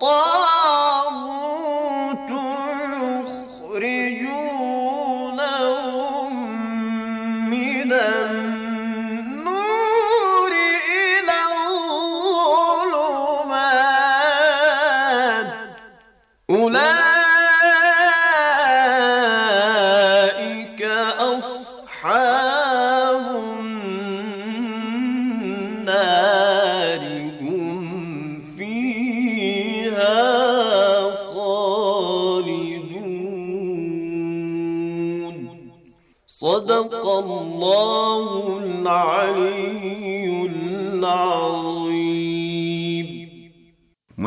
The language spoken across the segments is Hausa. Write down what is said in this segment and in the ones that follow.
طالب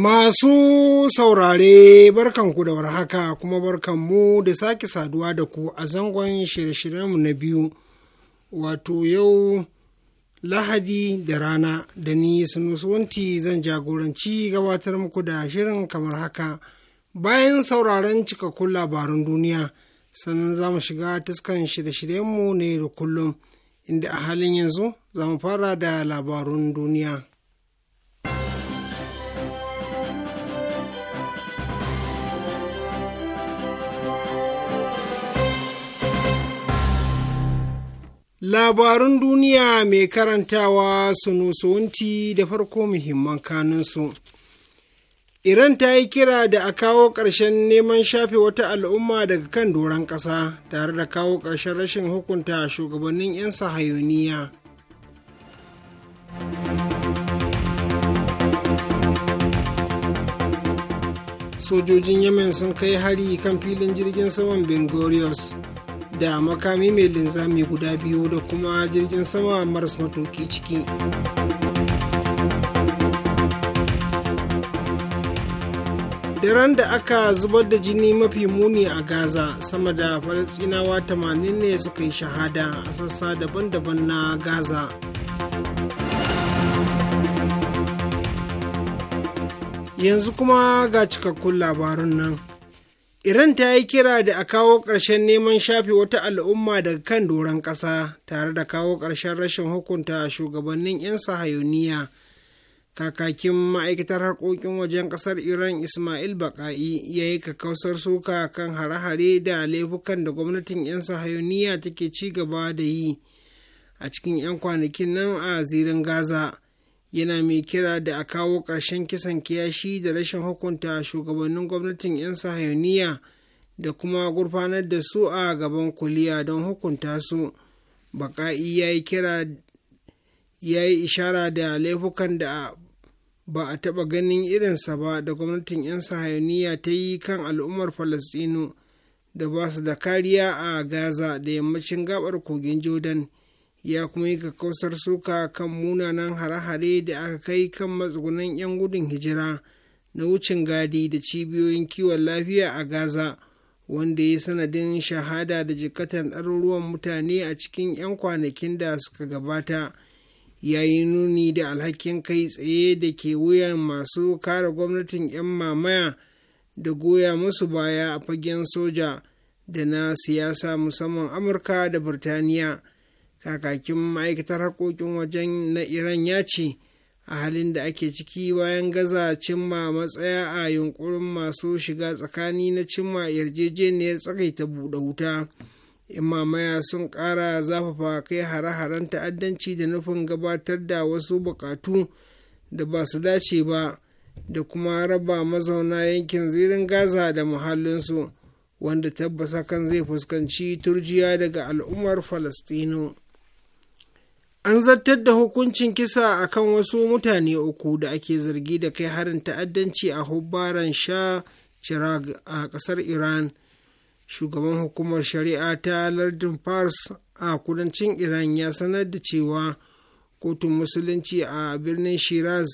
Masu saurare barkanku da warhaka kuma barkanmu da sake saduwa da ku a zangon shirye-shiryenmu na biyu wato yau lahadi da rana da ni sunusuwanti zan jagoranci gabatar muku da shirin kamar haka bayan sauraron cikakkun labarun duniya sannan za mu shiga taskan shirye-shiryenmu ne da kullum inda a halin yanzu za mu fara da labarun duniya. Labarun duniya mai karantawa su sunusuwunti da farko muhimman kanunsu. Iran ta yi kira da a kawo ƙarshen neman shafe wata al'umma daga kan doron ƙasa tare da kawo ƙarshen rashin hukunta shugabannin 'yan sahayoniya. Sojojin Yemen sun kai hari kan filin jirgin saman Gurion. da makami mai linzami guda biyu da kuma jirgin sama maras matuki ciki daren da aka zubar da jini mafi muni a gaza sama da falasinawa tamanin ne suka yi shahada a sassa daban-daban na gaza yanzu kuma ga cikakkun labarun nan Iran ta yi kira da a kawo ƙarshen neman shafe wata al'umma daga kan doron ƙasa tare da kawo ƙarshen rashin hukunta shugabannin 'yan sahayoniya. Kakakin ma'aikatar harkokin wajen ƙasar Iran Ismail Baƙa'i ya yi kakausar suka kan hare-hare da laifukan da gwamnatin 'yan sahayoniya take ci gaba da yi a cikin 'yan kwanakin nan a zirin Gaza. yana mai kira da a kawo ƙarshen kisan kiyashi da rashin hukunta shugabannin gwamnatin 'yan sahayoniya da kuma gurfanar da su a gaban kuliya don hukunta su baƙa'i ya yi kira ya yi ishara da laifukan da ba a taɓa ganin irinsa ba da gwamnatin 'yan sahayoniya ta yi kan al'ummar falastinu da ba su da kariya a gaza da yammacin gabar kogin jordan ya kuma yi kakkausar suka kan munanan hare-hare da aka kai kan matsugunan 'yan gudun hijira na wucin gadi da cibiyoyin kiwon lafiya a gaza wanda ya sanadin shahada da jikatan ɗaruruwan mutane a cikin 'yan kwanakin da suka gabata ya yi nuni da alhakin kai tsaye da ke wuyan masu kare gwamnatin 'yan mamaya da goya musu baya a fagen soja da na siyasa musamman amurka da birtaniya kakakin ma'aikatar harkokin wajen na iran ya ce a halin da ake ciki bayan gaza cimma matsaya a yunkurin masu shiga tsakani na cimma yarjejeniyar tsakaita buɗe wuta imamaya sun ƙara zafafa kai hare-haren ta'addanci da nufin gabatar da wasu buƙatu da ba su dace ba da kuma raba mazauna yankin zirin gaza da muhallinsu wanda tabbas kan zai fuskanci turjiya daga al'ummar falastino an zartar da hukuncin kisa a kan wasu mutane uku da ake zargi da kai harin ta'addanci a hubbaran sha chirag a kasar iran shugaban hukumar shari'a ta lardin fars a kudancin iran ya sanar da cewa kotun musulunci a birnin shiraz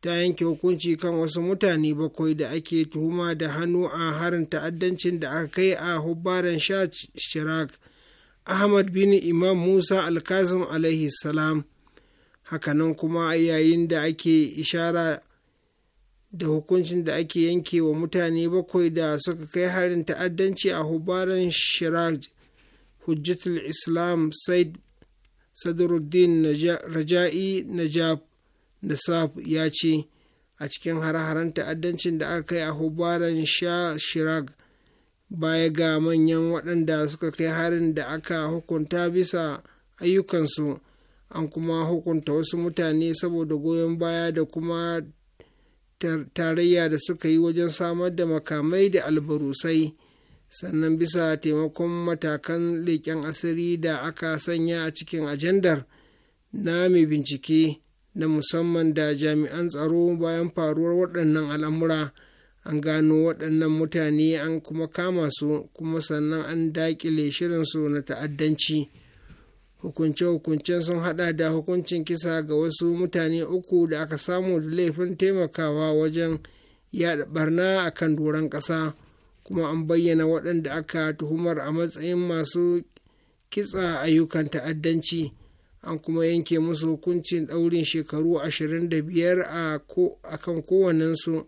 ta yanke hukunci kan wasu mutane bakwai da ake tuhuma da hannu a harin ta'addancin da aka kai a hubbaran sha chirag ahmad bin imam musa alkazim alaihi salam hakanan kuma yayin da ake ishara da hukuncin da ake yanke wa mutane bakwai da suka kai harin ta'addanci a hubaran shiraj hujjatul islam said sadruddin raja'i najab nasaf ya ce a cikin har-haren ta'addancin da aka kai a hubaran shirag baya ga manyan waɗanda suka kai harin da aka hukunta bisa ayyukansu an kuma hukunta wasu mutane saboda goyon baya da kuma tarayya da suka yi wajen samar da makamai da albarusai sannan bisa taimakon matakan leƙen asiri da aka sanya a cikin ajandar na mai bincike na musamman da jami'an tsaro bayan faruwar waɗannan al'amura. an gano waɗannan mutane an kuma kama su kuma sannan an daƙile shirinsu na ta'addanci hukunce-hukuncen sun hada da hukuncin kisa ga wasu mutane uku da aka samu da laifin taimakawa wajen yada barna a kan doron ƙasa kuma an bayyana waɗanda aka tuhumar a matsayin masu kitsa ayyukan ta'addanci an kuma yanke musu hukuncin ɗaurin shekaru 25 a kan kowannensu.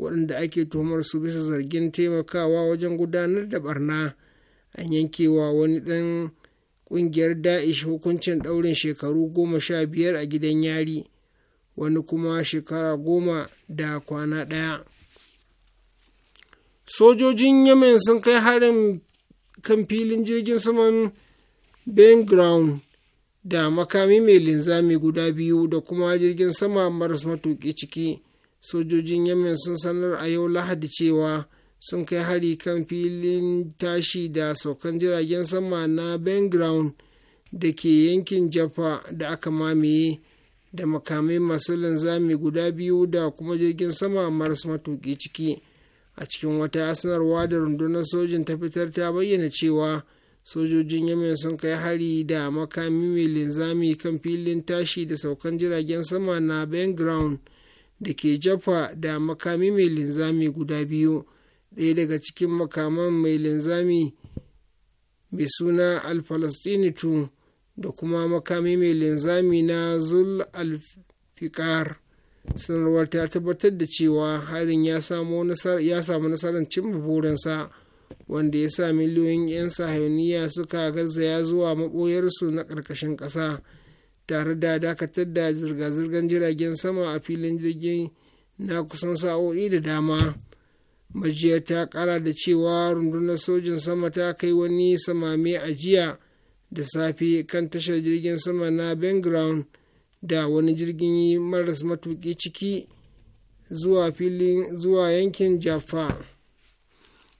waɗanda ake tuhumar su bisa zargin taimakawa wajen gudanar da barna an yankewa wani ɗan ƙungiyar da'ish hukuncin ɗaurin shekaru goma sha biyar a gidan yari wani kuma shekara goma da kwana ɗaya sojojin yemen sun kai harin kan filin jirgin saman ben ground da makami mai linzami guda biyu da kuma jirgin sama maras matuƙi ciki sojojin yemen sun sanar a yau lahadi cewa sun kai hari kan filin tashi da saukan jiragen sama na ben ground da ke yankin jaffa da aka mamaye da makamai masu linzami guda biyu da kuma jirgin sama maras matuƙi ciki a cikin wata sanarwa da rundunar sojin ta fitar ta bayyana cewa sojojin yemen sun kai hari da makami mai linzami kan filin tashi da saukan jiragen sama na ben da ke jafa da makami mai linzami guda biyu ɗaya daga cikin makaman mai linzami mai suna alfalastini tun da kuma makami mai linzami na zul alfikar sanarwar ta tabbatar da cewa harin ya samu nasarar cimma burinsa wanda ya sa miliyoyin 'yan sahaniya suka garzaya zuwa maboyarsu na ƙarƙashin ƙasa tare da dakatar da zirga-zirgar jiragen sama a filin jirgin na kusan sa'o'i da dama majiya ta kara da cewa rundunar sojin sama ta kai wani samame a jiya da safe kan tashar jirgin sama na ben da wani jirgin maras matuƙi ciki zuwa filin zuwa yankin jaffa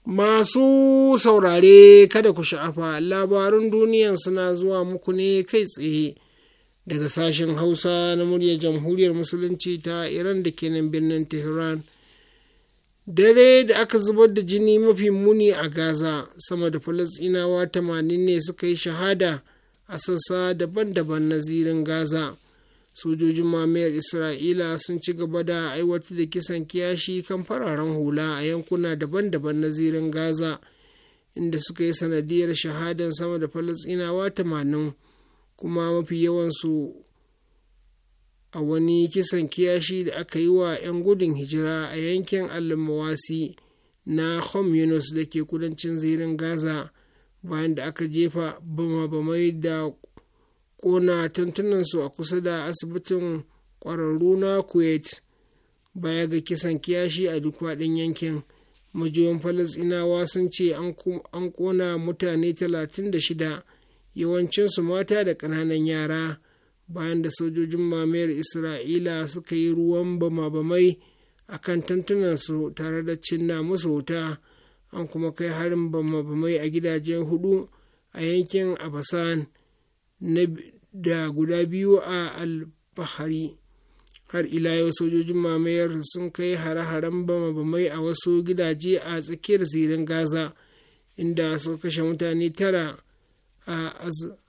masu saurare kada ku sha'afa labarun duniyan suna zuwa muku ne kai tsaye daga sashen hausa na muryar jamhuriyar musulunci ta iran da ke nan birnin tehran dare da aka zubar da jini mafi muni a gaza sama da falasinawa tamanin ne suka yi shahada a sassa daban-daban na zirin gaza sojojin mamayar isra'ila sun ci gaba da aiwatar da kisan kiyashi kan fararen hula a yankuna daban-daban na zirin gaza inda suka yi sanadiyar shahadan sama da falasinawa 80 kuma mafi yawansu a wani kisan kiyashi da aka yi wa 'yan gudun hijira a yankin almawasi na Hom Yunus da ke kudancin zirin Gaza bayan da aka jefa bama-bamai da kona tantunansu a kusa da asibitin kwararru na Kuwait baya ga kisan kiyashi a duk faɗin yankin. Majiyoyin Falasɗinawa sun ce an kona mutane 36 yawancinsu mata da ƙananan yara bayan da sojojin mamayar isra'ila suka yi ruwan bama-bamai a kan tantunansu tare da cinna musu wuta an kuma kai harin bama-bamai a gidajen hudu a yankin abasan da guda biyu a alfahari har ila yau sojojin mamayar sun kai hare-haren bama-bamai a wasu gidaje a tsakiyar zirin gaza inda suka kashe mutane tara a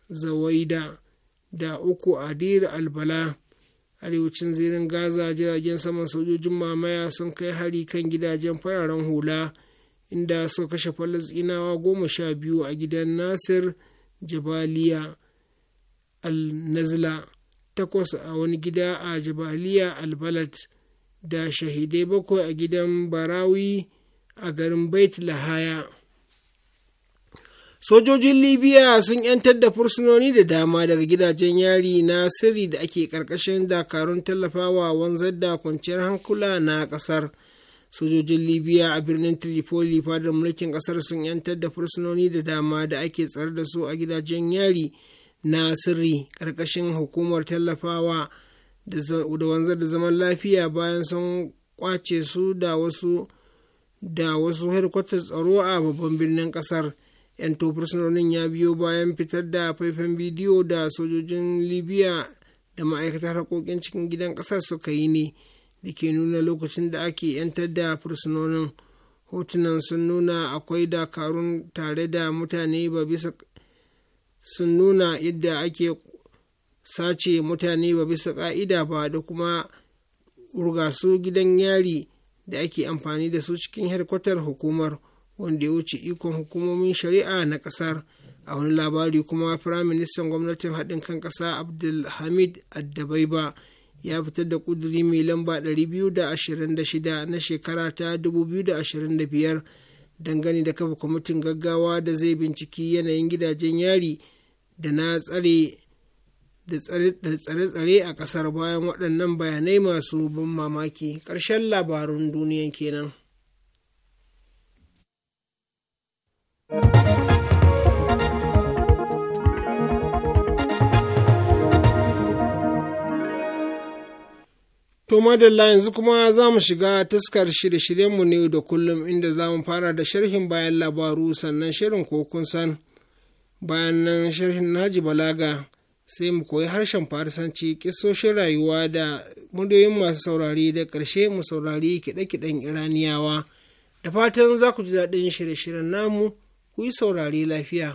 azawaida da uku a dir albala arewacin zirin gaza jiragen saman sojojin mamaya sun kai hari kan gidajen fararen hula inda suka kashe falasinawa goma sha biyu a gidan nasir jabaliya al-nazla takwas a wani gida a jabaliya albalat da shahidai bakwai a gidan barawi a garin bait lahaya sojojin libya sun yantar da fursunoni da dama daga gidajen yari na sirri da ake karkashin dakarun tallafawa wanzar da kwanciyar hankula na kasar sojojin libya a birnin tripoli fadar mulkin kasar sun yantar da fursunoni da dama da ake tsare da su a gidajen yari na sirri karkashin hukumar tallafawa da wanzar da zaman lafiya bayan sun kwace su da wasu da wasu tsaro a babban birnin kasar. 'yanto fursunonin ya biyo bayan fitar da faifan bidiyo da sojojin libya da ma'aikatar haƙoƙin cikin gidan ƙasar suka yi ne da ke nuna lokacin da ake 'yantar da fursunonin hotunan sun nuna akwai dakarun tare da mutane ba bisa sun nuna yadda ake sace mutane ba bisa ƙa'ida ba da kuma rugasu gidan yari da ake amfani da su cikin hedkwatar hukumar. wanda ya wuce ikon hukumomin shari'a na kasar a wani labari kuma firaministan gwamnatin haɗin kan ƙasa abdulhamid addabaiba ya fitar da ƙuduri mai lamba 226 na shekara ta 2025 dangane da kafa kwamitin gaggawa da zai binciki yanayin gidajen yari da na tsare da tsare-tsare a ƙasar bayan waɗannan bayanai masu ban mamaki ƙarshen labarun duniya kenan. To madalla yanzu kuma za mu shiga taskar shirye-shiryenmu ne da kullum inda za mu fara da sharhin bayan labaru sannan shirin kun san bayan nan sharhin naji balaga sai mu koyi harshen farisanci kisoshin rayuwa da muryoyin masu saurari da ƙarshe mu saurari kiɗe-kiɗen iraniyawa da fatan za ku ji daɗin shirye-shiryen namu Kun yi saurare lafiya.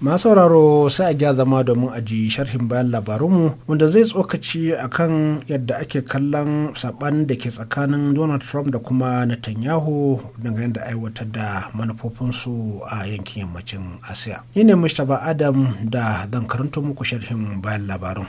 masu sauraro sai a gya zama domin a ji sharhin bayan labarunmu wanda zai tsokaci akan yadda ake kallon saban da ke tsakanin donald trump da kuma netanyahu dangane da aiwatar da manufofinsu a yankin yammacin asiya ni ne mustapha adam da zan karanto muku sharhin bayan labarun.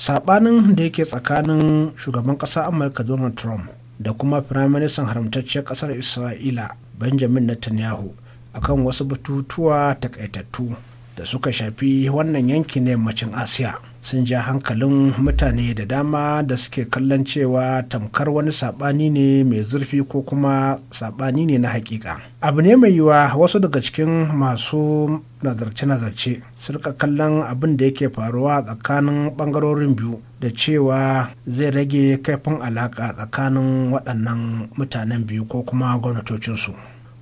sabanin da yake tsakanin shugaban ƙasa amurka donald trump da kuma firaministan haramtacciyar ƙasar isra'ila benjamin netanyahu akan wasu batutuwa takaitattu da suka shafi wannan yanki na yammacin asiya sun ja hankalin mutane da dama da suke kallon cewa tamkar wani saɓani ne mai zurfi ko kuma saɓani ne na hakika abu ne mai yiwa wasu daga cikin masu nazarce-nazarce surka kallon abin da yake faruwa tsakanin ɓangarorin biyu da cewa zai rage kaifin alaƙa tsakanin waɗannan mutanen biyu ko kuma gwamnatocinsu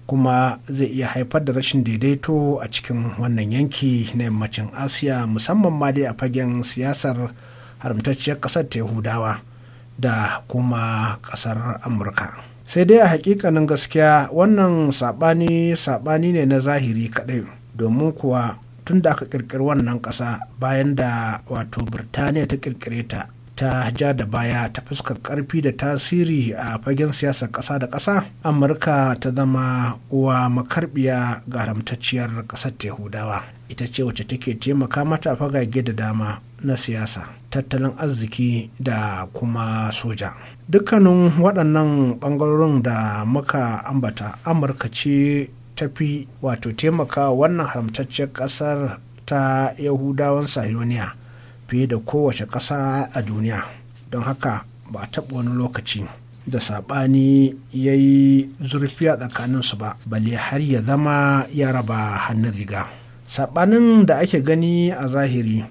kuma zai iya haifar da rashin daidaito a cikin wannan yanki na yammacin asiya musamman ma dai a fagen siyasar haramtacciyar ƙasar ta yahudawa da kuma ƙasar amurka sai dai a hakikanin gaskiya wannan saɓani saɓani ne na zahiri kaɗai domin kuwa tun da aka ƙirƙiri wannan ƙasa bayan da wato birtaniya ta kirkire ta ta ja da baya ta fuskar karfi da tasiri a fagen siyasar ƙasa da ƙasa amurka ta zama uwa makarbiya ga haramtacciyar ƙasar yahudawa ita ce wacce take taimaka mata fagage da dama na siyasa tattalin arziki da kuma soja dukkanin waɗannan ɓangarorin da muka ambata amurka ce ta fi wato taimaka wannan haramtacciyar ƙasar ta yahudawan sahiyoniya fiye da kowace ƙasa a duniya don haka ba a taɓa wani lokaci da saɓani ya yi zurfi a tsakaninsu ba bale har ya zama ya raba hannun riga saɓanin da ake gani a zahiri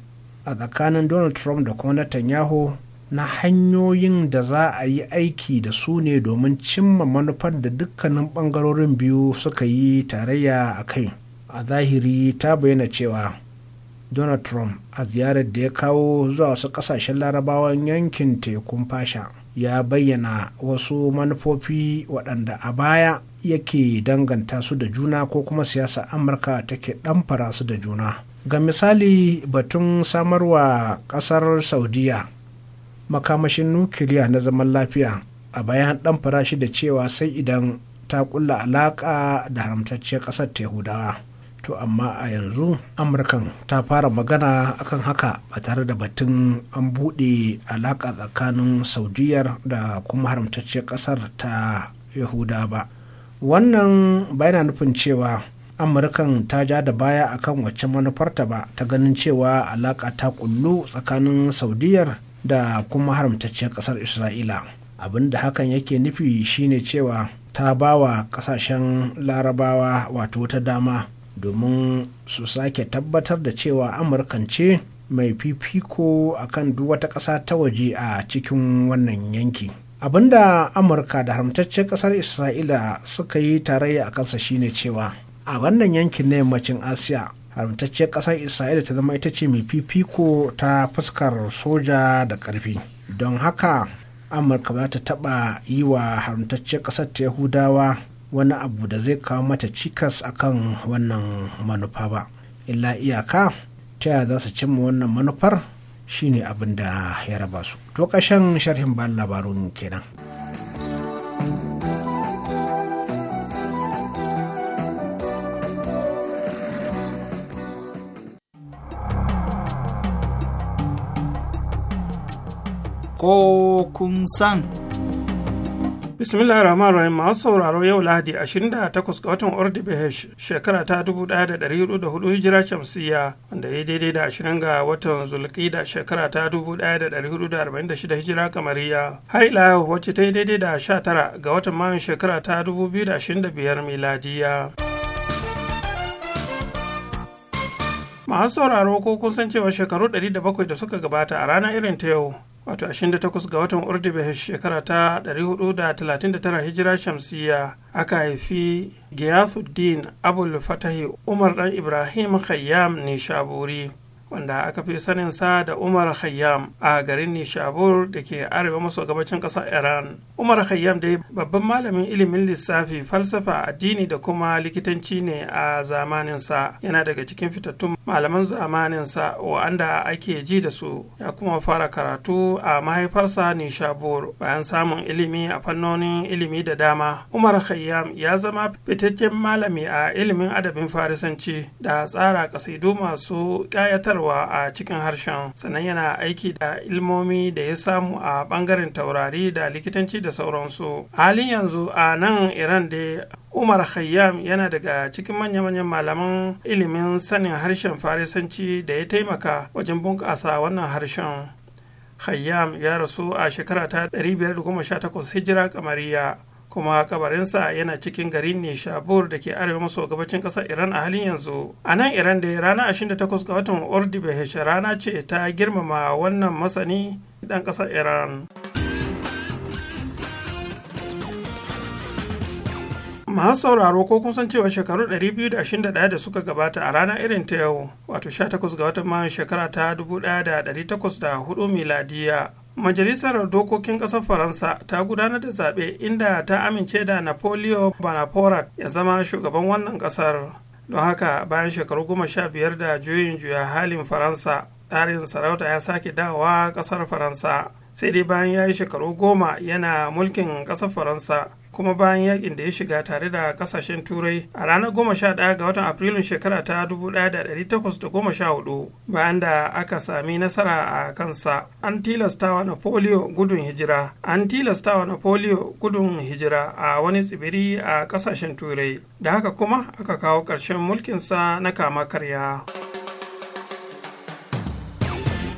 a tsakanin donald trump da kuma netanyahu na hanyoyin da za a yi aiki da su ne domin cimma manufar da dukkanin bangarorin biyu suka yi tarayya a kai a zahiri ta bayyana cewa donald trump a ziyarar da ya kawo zuwa wasu kasashen larabawan yankin tekun fasha ya bayyana wasu manufofi waɗanda a baya yake danganta su da juna ko kuma siyasa amurka take ɗamfara su da juna ga misali batun samarwa ƙasar saudiya makamashin nukiliya na zaman lafiya a bayan ɗamfara shi da cewa sai idan ta kulla alaƙa da haramtacciyar ƙasar tehudawa to amma a yanzu amurkan ta fara magana akan haka ba tare da batun an buɗe alaƙa tsakanin saudiyar da kuma haramtacciyar ƙasar ta yahuda ba wannan bayana nufin cewa amurkan ta ja da baya akan wacce manufarta ba ta ganin cewa alaƙa ta kullu tsakanin saudiyar da kuma haramtacciyar ƙasar isra'ila Abin da hakan yake nufi shine cewa ta ba wa ƙasashen larabawa wato wata dama domin su sake tabbatar da cewa amurkan ce mai fifiko akan duk wata ƙasa ta waje a cikin wannan yanki abinda amurka da haramtaccen ƙasar isra'ila suka yi tarayya a kansa shine cewa a wannan yankin na yammacin asiya haramtacce ƙasar isra'ila ta zama ita ce mai fifiko ta fuskar soja da ƙarfi don haka amurka ba ta taɓa yi wa haramtacciyar ƙasar ta yahudawa wani abu da zai kawo mata cikas akan wannan manufa ba illa iyaka ta yaya za su cimma wannan manufar shine abin da ya raba su to ƙashen sharhin ban labarun kenan. ko kun san. bismillah rahman rahim masu sauraro yau lahadi 28 ga watan ordibehesh shekara ta 1404 hijira shamsiya wanda ya daidai da 20 ga watan Zulqida da shekara ta 1446 hijira kamariya har ila yau wacce ta yi daidai da 19 ga watan Mayu shekara ta 2025 miladiya. masu sauraro ko kun san cewa shekaru 700 da suka gabata a ranar irin ta yau wato 28 ga watan Ordibesh shekara ta 439 hijira shamsiya aka haifi Giyathuddin Abul Fatahi Umar dan Ibrahim Khayyam Nishaburi wanda aka fi sanin sa da umar khayyam a garin nishabur da ke arewa maso gabacin ƙasar iran umar khayyam dai babban malamin ilimin lissafi falsafa addini da kuma likitanci ne a zamaninsa yana daga cikin fitattun malaman zamaninsa wa'anda ake ji da su ya kuma fara karatu a mahaifarsa nishabur bayan samun ilimi a fannonin ilimi da dama umar khayyam ya zama fitaccen malami a ilimin adabin farisanci da tsara kasidu masu ƙayatar karantarwa a cikin harshen sannan yana aiki da ilmomi da ya samu a bangaren taurari da likitanci da sauransu halin yanzu a nan iran da umar khayyam yana daga cikin manya-manyan malaman ilimin sanin harshen farisanci da ya taimaka wajen bunƙasa wannan harshen khayyam ya rasu a shekara ta 518 hijira kamariya kuma kabarinsa yana cikin garin nishabur da ke arewa maso gabacin ƙasar iran a halin yanzu a nan iran da rana 28 ga watan ordibahesh rana ce ta girmama wannan masani dan ƙasar iran masu sauraro ko kun san cewa shekaru 221 da suka gabata a rana irin ta yau wato 18 ga watan mayun shekara ta 1804 miladiya majalisar dokokin ƙasar faransa ta gudanar da zaɓe inda ta amince da napoleon bonaparte ya zama shugaban wannan ƙasar don haka bayan shekaru goma sha biyar da juyin juya halin faransa tsarin sarauta ya sake dawowa ƙasar faransa sai dai bayan ya yi shekaru goma yana mulkin ƙasar faransa kuma bayan yakin da ya shiga tare da kasashen turai a ranar 11 ga watan afrilun shekara ta 1814 bayan da aka sami nasara a kansa an tilastawa napoleon gudun hijira an tilastawa napoleon gudun hijira a wani tsibiri a kasashen turai da haka kuma aka kawo ƙarshen sa na kama karya.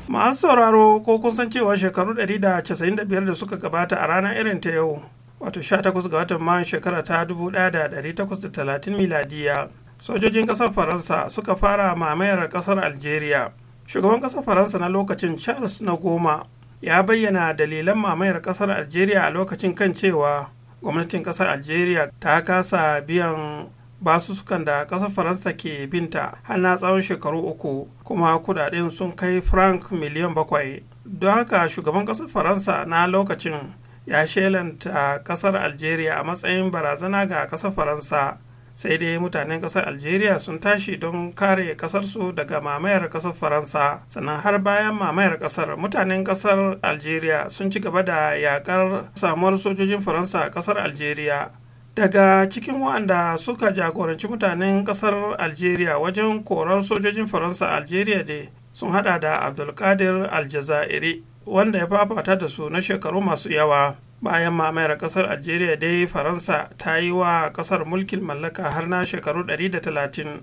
masu sauraro ko kun san cewa shekaru 195 da suka gabata a ranar irin ta yau wato 18 ga watan mayan shekara ta 1830 miladiya sojojin ƙasar faransa suka fara mamayar ƙasar algeria shugaban ƙasar faransa na lokacin charles na goma ya bayyana dalilan mamayar ƙasar algeria a lokacin kan cewa gwamnatin ƙasar algeria ta kasa biyan basussukan da ƙasar faransa ke binta har na tsawon shekaru uku kuma kudaden sun kai frank miliyan bakwai don haka shugaban ƙasar faransa na lokacin ya shelanta kasar algeria a matsayin barazana ga kasar faransa sai dai mutanen kasar algeria sun tashi don kare kasarsu daga mamayar kasar faransa sannan har bayan mamayar kasar mutanen kasar algeria sun ci gaba da yakar samuwar sojojin faransa a kasar algeria daga cikin waɗanda suka jagoranci mutanen kasar algeria wajen korar sojojin faransa a algeria dai sun hada da abdulkadir aljazairi wanda ya fafata da su na shekaru masu yawa bayan mamayar kasar algeria dai faransa ta yi wa kasar mulkin mallaka har na shekaru 130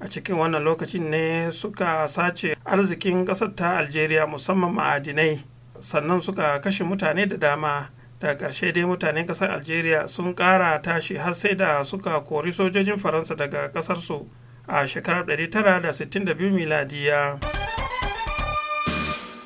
a cikin wannan lokacin ne suka sace arzikin kasar ta algeria musamman ma'adinai sannan suka kashe mutane da dama da ƙarshe dai mutanen kasar algeria sun ƙara tashi har sai da suka kori sojojin faransa daga ƙasarsu a shekarar 1962 miladiya.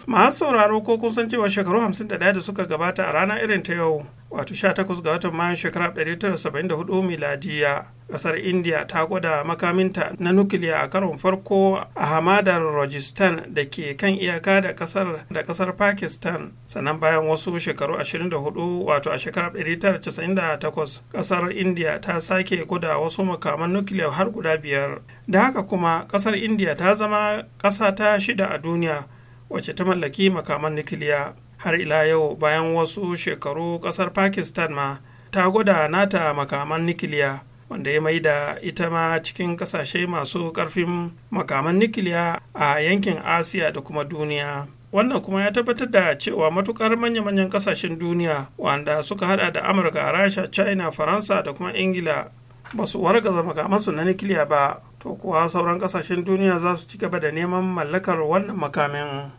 masu sauraro ko kun san cewa shekaru 51 da suka gabata a rana irin ta yau wato 18 ga watan mayun shekara 1974 miladiya kasar india ta gwada makaminta na nukiliya a karon farko a hamadar rajasthan da ke kan iyaka da kasar da kasar pakistan sannan bayan wasu shekaru 24 wato a shekarar 1998 kasar india ta sake gwada wasu makaman nukiliya har guda biyar da haka kuma kasar india ta zama kasa ta shida a duniya wacce ta mallaki makaman nukiliya har ila yau bayan wasu shekaru kasar pakistan ma ta gwada nata makaman nukiliya wanda ya mai da ita ma cikin kasashe masu karfin makaman nukiliya a yankin asiya da kuma duniya wannan kuma ya tabbatar da cewa matukar manya-manyan kasashen duniya wanda suka hada da amurka rasha china faransa da kuma ingila ba su wargaza makamansu na nukiliya ba to kuwa sauran kasashen duniya za su ci gaba da neman mallakar wannan makamin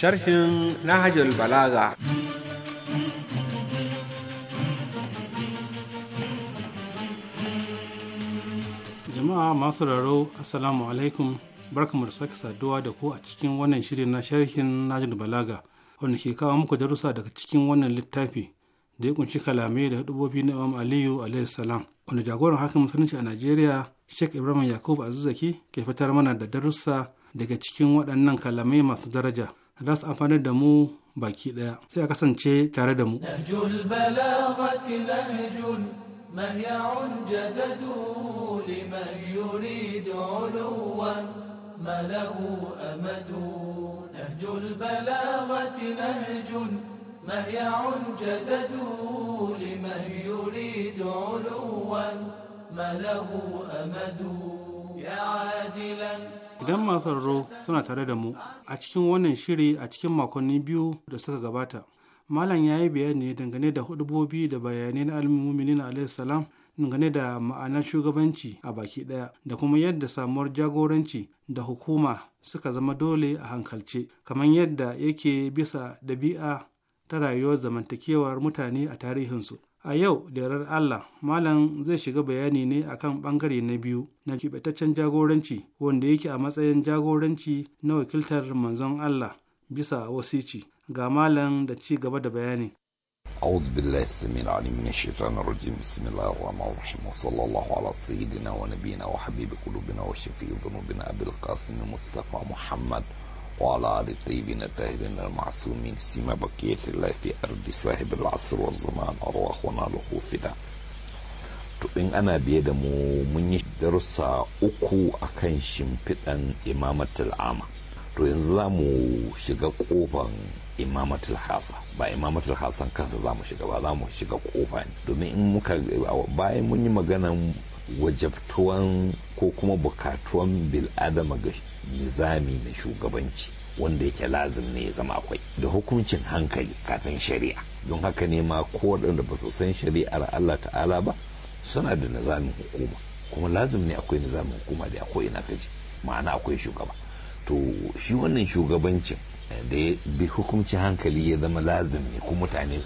sharhin Nahajul Balaga. Jama'a masu raro, Assalamu alaikum, barkamu da sake saduwa da ku a cikin wannan shirin na sharhin Nahajul Balaga, wanda ke kawo muku darussa daga cikin wannan littafi da ya kunshi kalamai da hadubobi na Imam Aliyu alaihi salam, wanda jagoran hakan musulunci a Najeriya, Sheikh Ibrahim Yakubu Azuzaki ke fitar mana da darussa daga cikin waɗannan kalamai masu daraja za su amfanar da mu baki ɗaya sai a kasance tare da mu جدد لمن يريد علوا ما له أمد نهج البلاغة نهج مهيع جدد لمن يريد علوا ما له أمد يا عادلا idan masu sauraro suna tare da mu a cikin wannan shiri a cikin makonni biyu da suka gabata malam ya yi bayani dangane da hudubobi da bayanai na almuminin alaihi salam dangane da ma'anar shugabanci a baki daya da kuma yadda samuwar jagoranci da hukuma suka zama dole a hankalce kamar yadda yake bisa dabi'a ta rayuwar zamantakewar mutane a tarihinsu a yau da yarar allah malam zai shiga bayani ne akan bangare na biyu na kibataccen jagoranci wanda yake a matsayin jagoranci na wakiltar manzon allah bisa wasici ga malam da ci gaba da bayani أعوذ بالله السميع العليم من الشيطان الرجيم بسم الله الرحمن الرحيم وصلى الله على سيدنا ونبينا وحبيب قلوبنا وشفيع ذنوبنا أبي القاسم المصطفى محمد وعلى آل الطيبين الطاهرين المعصومين سيما بقية الله في أرض صاحب العصر والزمان أرواحنا له فدا to in ana biye da mu mun yi darussa uku akan shimfiɗan imamatul ama to yanzu za mu shiga ƙofan imamatul hasa ba imamatul hasan kansa za mu shiga ba za mu shiga kofa ne domin in muka bayan mun yi maganan wajabtuwan ko kuma bukatuwan bil'adama adama ga nizami na shugabanci wanda yake lazim ne ya zama akwai da hukuncin hankali kafin shari'a don haka ne ma ko waɗanda ba su san shari'ar Allah ta'ala ba suna da nizamin hukuma kuma lazim ne akwai nizamin hukuma da akwai ina kaji ma'ana akwai shugaba to shi wannan shugabancin eh, da ya bi hukuncin hankali ya zama lazim ne kuma mutane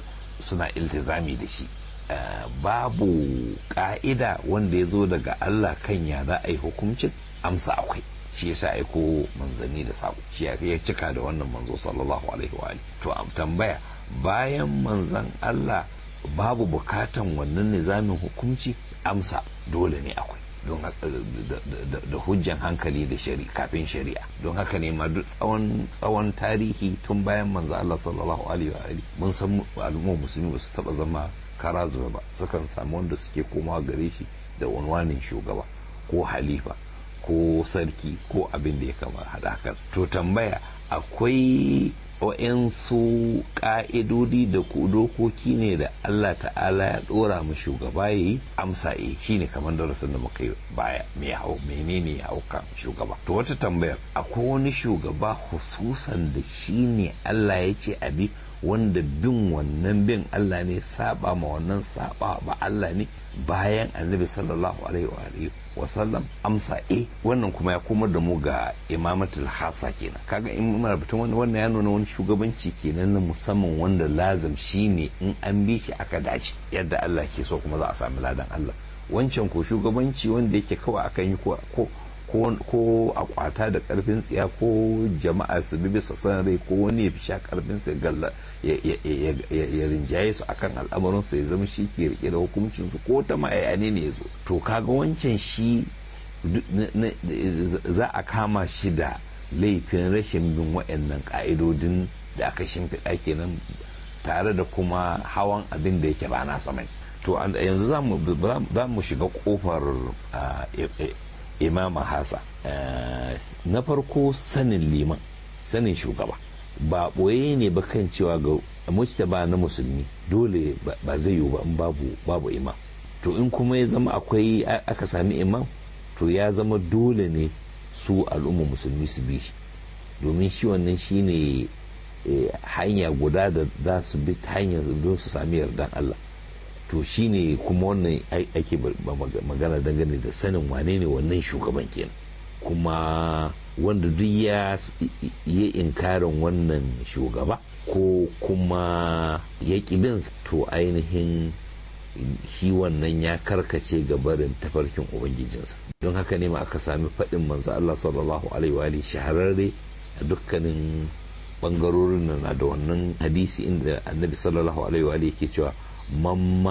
suna iltizami da shi eh, babu ka'ida wanda ya zo daga Allah kan ya za a yi hukuncin amsa akwai shi yasa aiko manzanni da sako shi ya cika da wannan manzo sallallahu alaihi wa to a tambaya bayan manzan Allah babu bukatan wannan nizamin hukunci amsa dole ne akwai don da hujjan hankali da shari'a kafin shari'a don haka ne ma duk tsawon tsawon tarihi tun bayan manzo Allah sallallahu alaihi wa mun san al'ummar musulmi ba su taba zama kara zuba ba sukan samu wanda suke komawa gare shi da unwanin shugaba ko halifa ko sarki ko abin da ya kama haɗakar to tambaya akwai wa'yansu ƙa'idodi da ku dokoki ne da Allah ta'ala ya ɗora mu shugaba ya yi amsa e ne kamar darasin da muka baya mai hau menene ya hau kan shugaba to wata tambayar akwai wani shugaba hususan da shi ne Allah ya ce abi wanda bin wannan bin Allah ne saba ma wannan saba ba Allah ne bayan annabi sallallahu alaihi wa sallam amsa eh wannan kuma ya komar da mu ga imamatul hasa kenan kaga in muna batun wannan wannan ya nuna wani shugabanci kenan na musamman wanda lazim shine in an bi shi aka dace yadda Allah ke so kuma za a sami ladan Allah wancan ko shugabanci wanda yake kawai akan yi ko ko a kwata da karfin tsiya ko jama'a su bi bisa san rai ko wani ya fi sha karfin sai galla ya rinjaye su akan al'amarin su ya zama shi ke rike da hukuncin su ko ta ma'ayane ne su. to kaga wancan shi za a kama shi da laifin rashin bin waɗannan ka'idodin da aka shimfiɗa kenan tare da kuma hawan abin da yake ba na samai to yanzu za mu shiga kofar ah, e, e, imama hasa eh, na farko sanin liman sanin shugaba ba ɓoye ne ba kan cewa ga ba na musulmi dole ba zai yiwu ba in babu babu imam to in kuma ya zama akwai aka sami imam to ya zama dole ne su al'umma musulmi su bi shi domin shi wannan shi ne eh, hanya guda da za su bi hanyar don su sami yardan Allah to shi ne kuma wannan ake magana dangane da sanin wane ne wannan shugaban kenan kuma wanda duk ya yi inkarin wannan shugaba ko kuma ya bin to ainihin shi wannan ya karkace ga barin tafarkin ubangijinsa don haka ne ma aka sami faɗin manzo Allah sallallahu alaihi wa shahararre a dukkanin bangarorin nan da wannan hadisi inda annabi sallallahu alaihi wa yake cewa man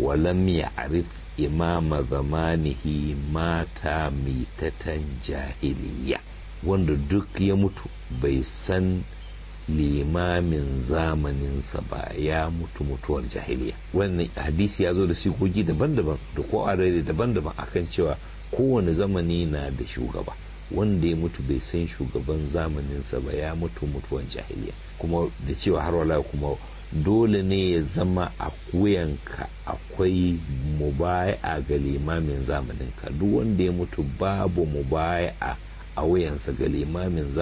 walam ya arif imama zamanihi mata mitatan jahiliya wanda duk ya mutu bai san limamin zamaninsa ba ya mutu mutuwar jahiliya wannan hadisi ya zo da sigogi daban-daban da ko ko'arai daban-daban akan cewa kowane zamani na da shugaba wanda ya mutu bai san shugaban zamaninsa ba ya mutu mutuwar jahiliya kuma da cewa har wala kuma dole ne ya zama a wuyanka akwai a ga limamin zamaninka duk wanda ya mutu babu mubaya a a wuyansa ga limamin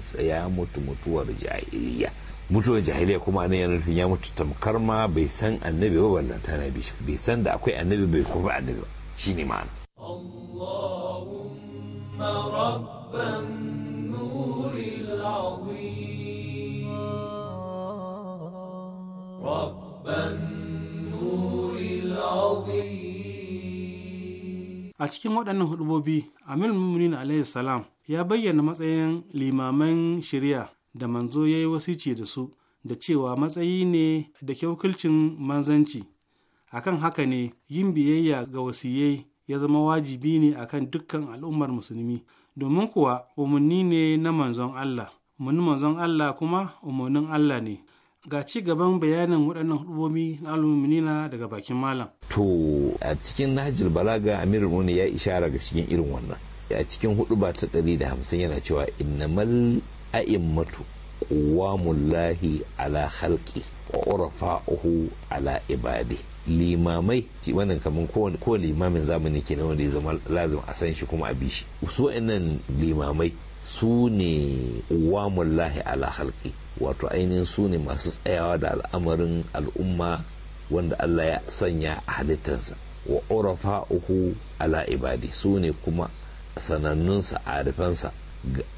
sa ya mutu mutuwar jahiliya mutuwar jahiliya kuma nan ya nufin ya mutu tamkar ma bai san annabi ba ballanta na bi bai san da akwai annabi bai kuma annabi ba shine ma'ana Allahumma rabban رب النور العظيم a cikin waɗannan hudubobi amir muminin alayhi salam ya bayyana matsayin limaman shirya da manzo ya yi wasici da su da cewa matsayi ne da kyaukulcin manzanci akan haka ne yin biyayya ga wasiyai ya zama wajibi ne akan dukkan al'ummar musulmi domin kuwa umarni ne na manzon Allah umarnin manzon Allah kuma umarnin Allah ne ga ci gaban bayanin waɗannan hudubobi na alumunina daga bakin malam. To a cikin Najil Balaga amir Muni ya ishara ga cikin irin wannan. A cikin hudu ba ta ɗari da hamsin yana cewa inna innamal a'immatu mullahi ala halki wa uhu ala ibadi. limamai wannan kamar kowane limamin zamani ke wanda ya zama lazim a san shi kuma a bi shi su waɗannan limamai su ne lahi ala halki wato ainihin su ne masu tsayawa da al'amarin al'umma wanda Allah ya sanya a halittarsa wa urafa uku ala ibadi su ne kuma sanannunsa rufensa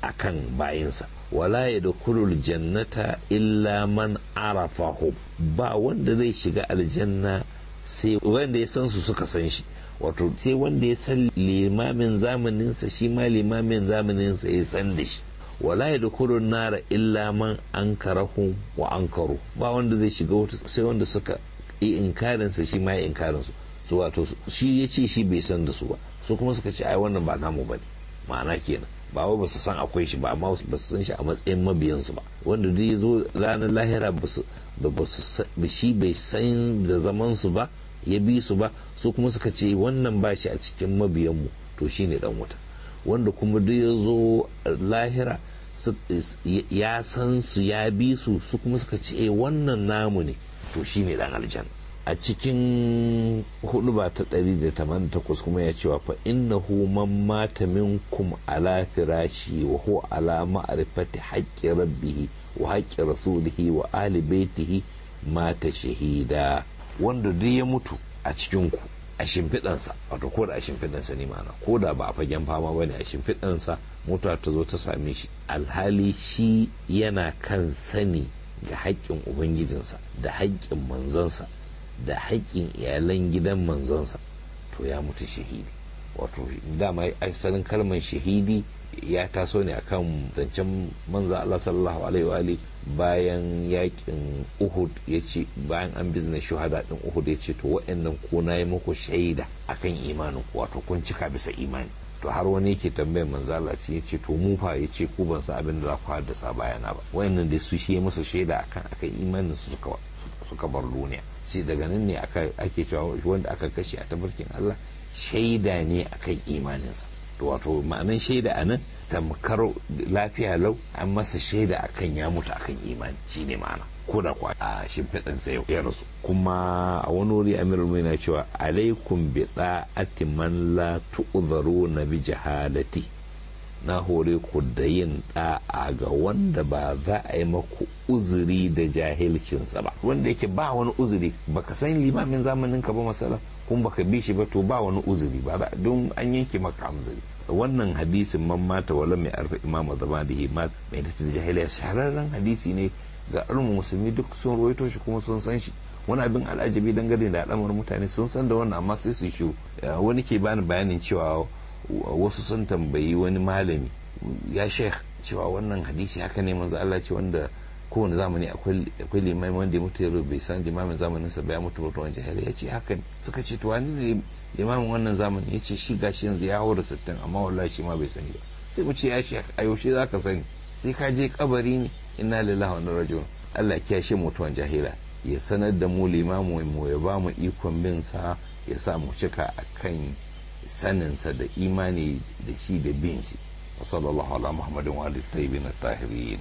a kan bayinsa wala ya da kulul jannata illa man arafahu ba wanda zai shiga aljanna sai wanda ya san su suka san shi wato sai wanda ya san limamin zamaninsa shi ma limamin zamaninsa ya san da shi wala ya dukurun nara illa man an karahu wa an karo ba wanda zai shiga wata sai wanda suka yi inkarinsa shi ma ya inkarinsu su wato shi ya ce shi bai san da su ba su kuma suka ce ai wannan ba namu ba ne ma'ana kenan ba wai ba su san akwai shi ba amma ba su san shi a matsayin mabiyansu ba wanda duk ya zo ranar lahira ba su shi bai san da zamansu ba ya bi su ba su kuma suka ce wannan ba shi a cikin mabiyanmu to shi ne dan wuta wanda kuma duk ya zo lahira ya san su ya bi su su kuma suka ce eh, wannan namu ne to shi ne dan aljanna a cikin hudu ba ta da takwas kuma ya cewa fa hu man mata minkum ala firashi wa huwa ala ma'rifati haƙƙi rabbihi wa haqqi rasulihi wa ali baitihi mata shahida wanda duk ya mutu a cikinku a shimfiɗansa wato ko da a shimfiɗansa ne ma'ana ko da ba a fagen fama ba ne a shimfiɗansa mutuwa ta zo ta same shi alhali shi yana kan sani ga haƙƙin ubangijinsa da haƙƙin manzansa da haƙƙin iyalan gidan manzansa to ya mutu shahidi wato dama asalin kalmar shahidi ya taso ne akan zancen manzo Allah sallallahu alaihi wa bayan yakin Uhud ya ce bayan an bizne shuhada din Uhud ya ce to wa'annan ko na yi muku shaida akan imanin wato kun cika bisa imani to har wani yake tambayar manzala ce ya ce to mu fa ya ce ku ban sa abin da za ku haddasa bayana ba wa'annan da su shi musu shaida akan akan imanin su suka suka bar duniya shi daga nan ne ake cewa wanda aka kashe a tabarkin Allah shaida ne akan imaninsa wato ma'anan shaida a nan tamkar lafiya lau an masa shaida a kan ya mutu a kan imani ne ma'ana ko da kuwa a shimfiɗin sa ya rasu kuma a wani wuri amirul na cewa alaikum bi da'ati man la na bi jahalati na hore ku da yin da'a ga wanda ba za a yi maku uzuri da jahilcinsa ba wanda yake ba wani uzuri baka san limamin zamanin ka ba masala kun baka bi shi ba to ba wani uzuri ba za don an yanke maka amzuri wannan hadisin man mata wala mai arfa imama zama da hima mai da jahiliya shahararren hadisi ne ga alamun musulmi duk sun ruwaito shi kuma sun san shi wani abin al'ajabi dangane da al'amar mutane sun san da wannan amma sai su shi wani ke bani bayanin cewa wasu sun tambayi wani malami ya sheikh cewa wannan hadisi haka ne manzo Allah ce wanda kowane zamani akwai limami wanda ya mutu ya bai san limamin zamanin sa ya mutu mutu wani ya ce haka suka ce to wani ne limamin wannan zamani ya ce shi gashi yanzu ya haura sittin amma wallahi shi ma bai sani ba sai mu ce ya shi a yaushe za ka sani sai ka je kabari ne inna lillahi wa inna Allah ya shi mutuwan jahila ya sanar da mu limamin mu ya ba mu ikon bin sa ya sa mu cika akan saninsa da imani da shi da bin shi wa sallallahu ala muhammadin wa alihi tayyibin at-tahirin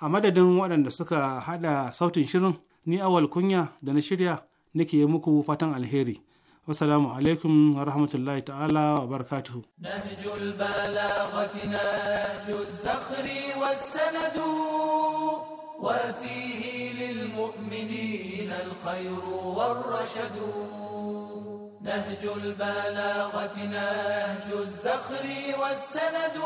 a madadin waɗanda suka haɗa sautin shirin ni awal kunya da na shirya nake muku fatan alheri wasalamu alaikum wa rahmatullahi ta'ala wa barakatuhu rashadu نهج البلاغة نهج الزخر والسند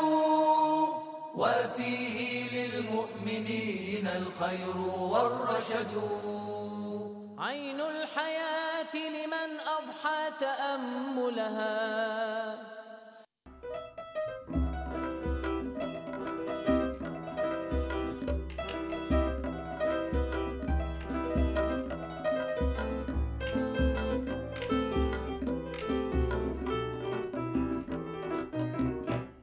وفيه للمؤمنين الخير والرشد عين الحياة لمن أضحى تأملها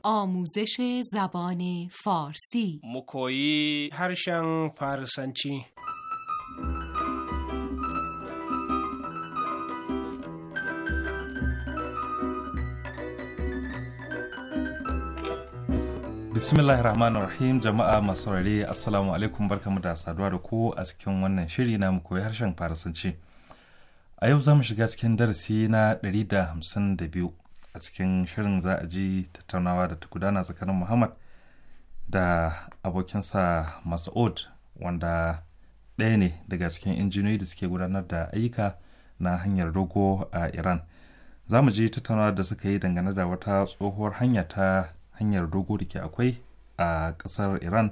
آموزش زبان فارسی مکویی هرشن فارسنچی bismillahir rahmanir rahim jama'a masu saurare assalamu alaikum barkamu da saduwa da ku a cikin wannan shiri na mu koyi harshen farasanci a yau za mu shiga cikin darasi na 152 a cikin shirin za a ji tattaunawa da ta gudana tsakanin muhammad da abokinsa masa'ud wanda ɗaya ne daga cikin injiniyoyi da suke gudanar da ayyuka na hanyar dogo a iran za mu ji tattaunawa da suka yi dangane da wata tsohuwar hanya ta hanyar dogo da ke akwai a ƙasar iran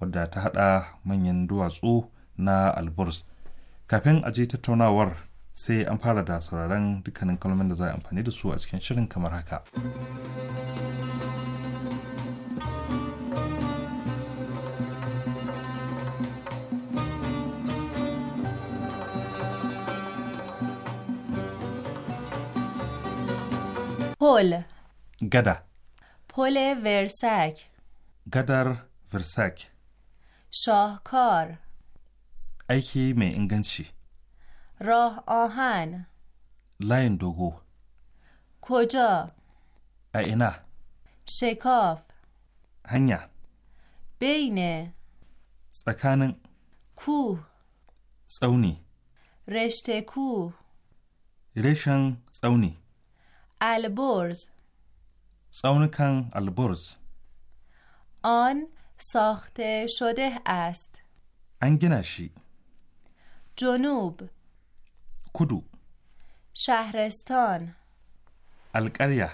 wadda ta haɗa manyan duwatsu na alburs kafin a ji tattaunawar sai an fara da sauraron dukkanin kalmomin da za a amfani da su a cikin shirin kamar haka. پل gada. pole ورسک gadar ورسک Shahkar. aiki mai inganci. راه آهن لاین دوگو کجا اینا شکاف هنیا بین سکان کوه سونی رشته کوه رشن سونی البرز کن البرز آن ساخته شده است انگنشی جنوب کدو شهرستان القریه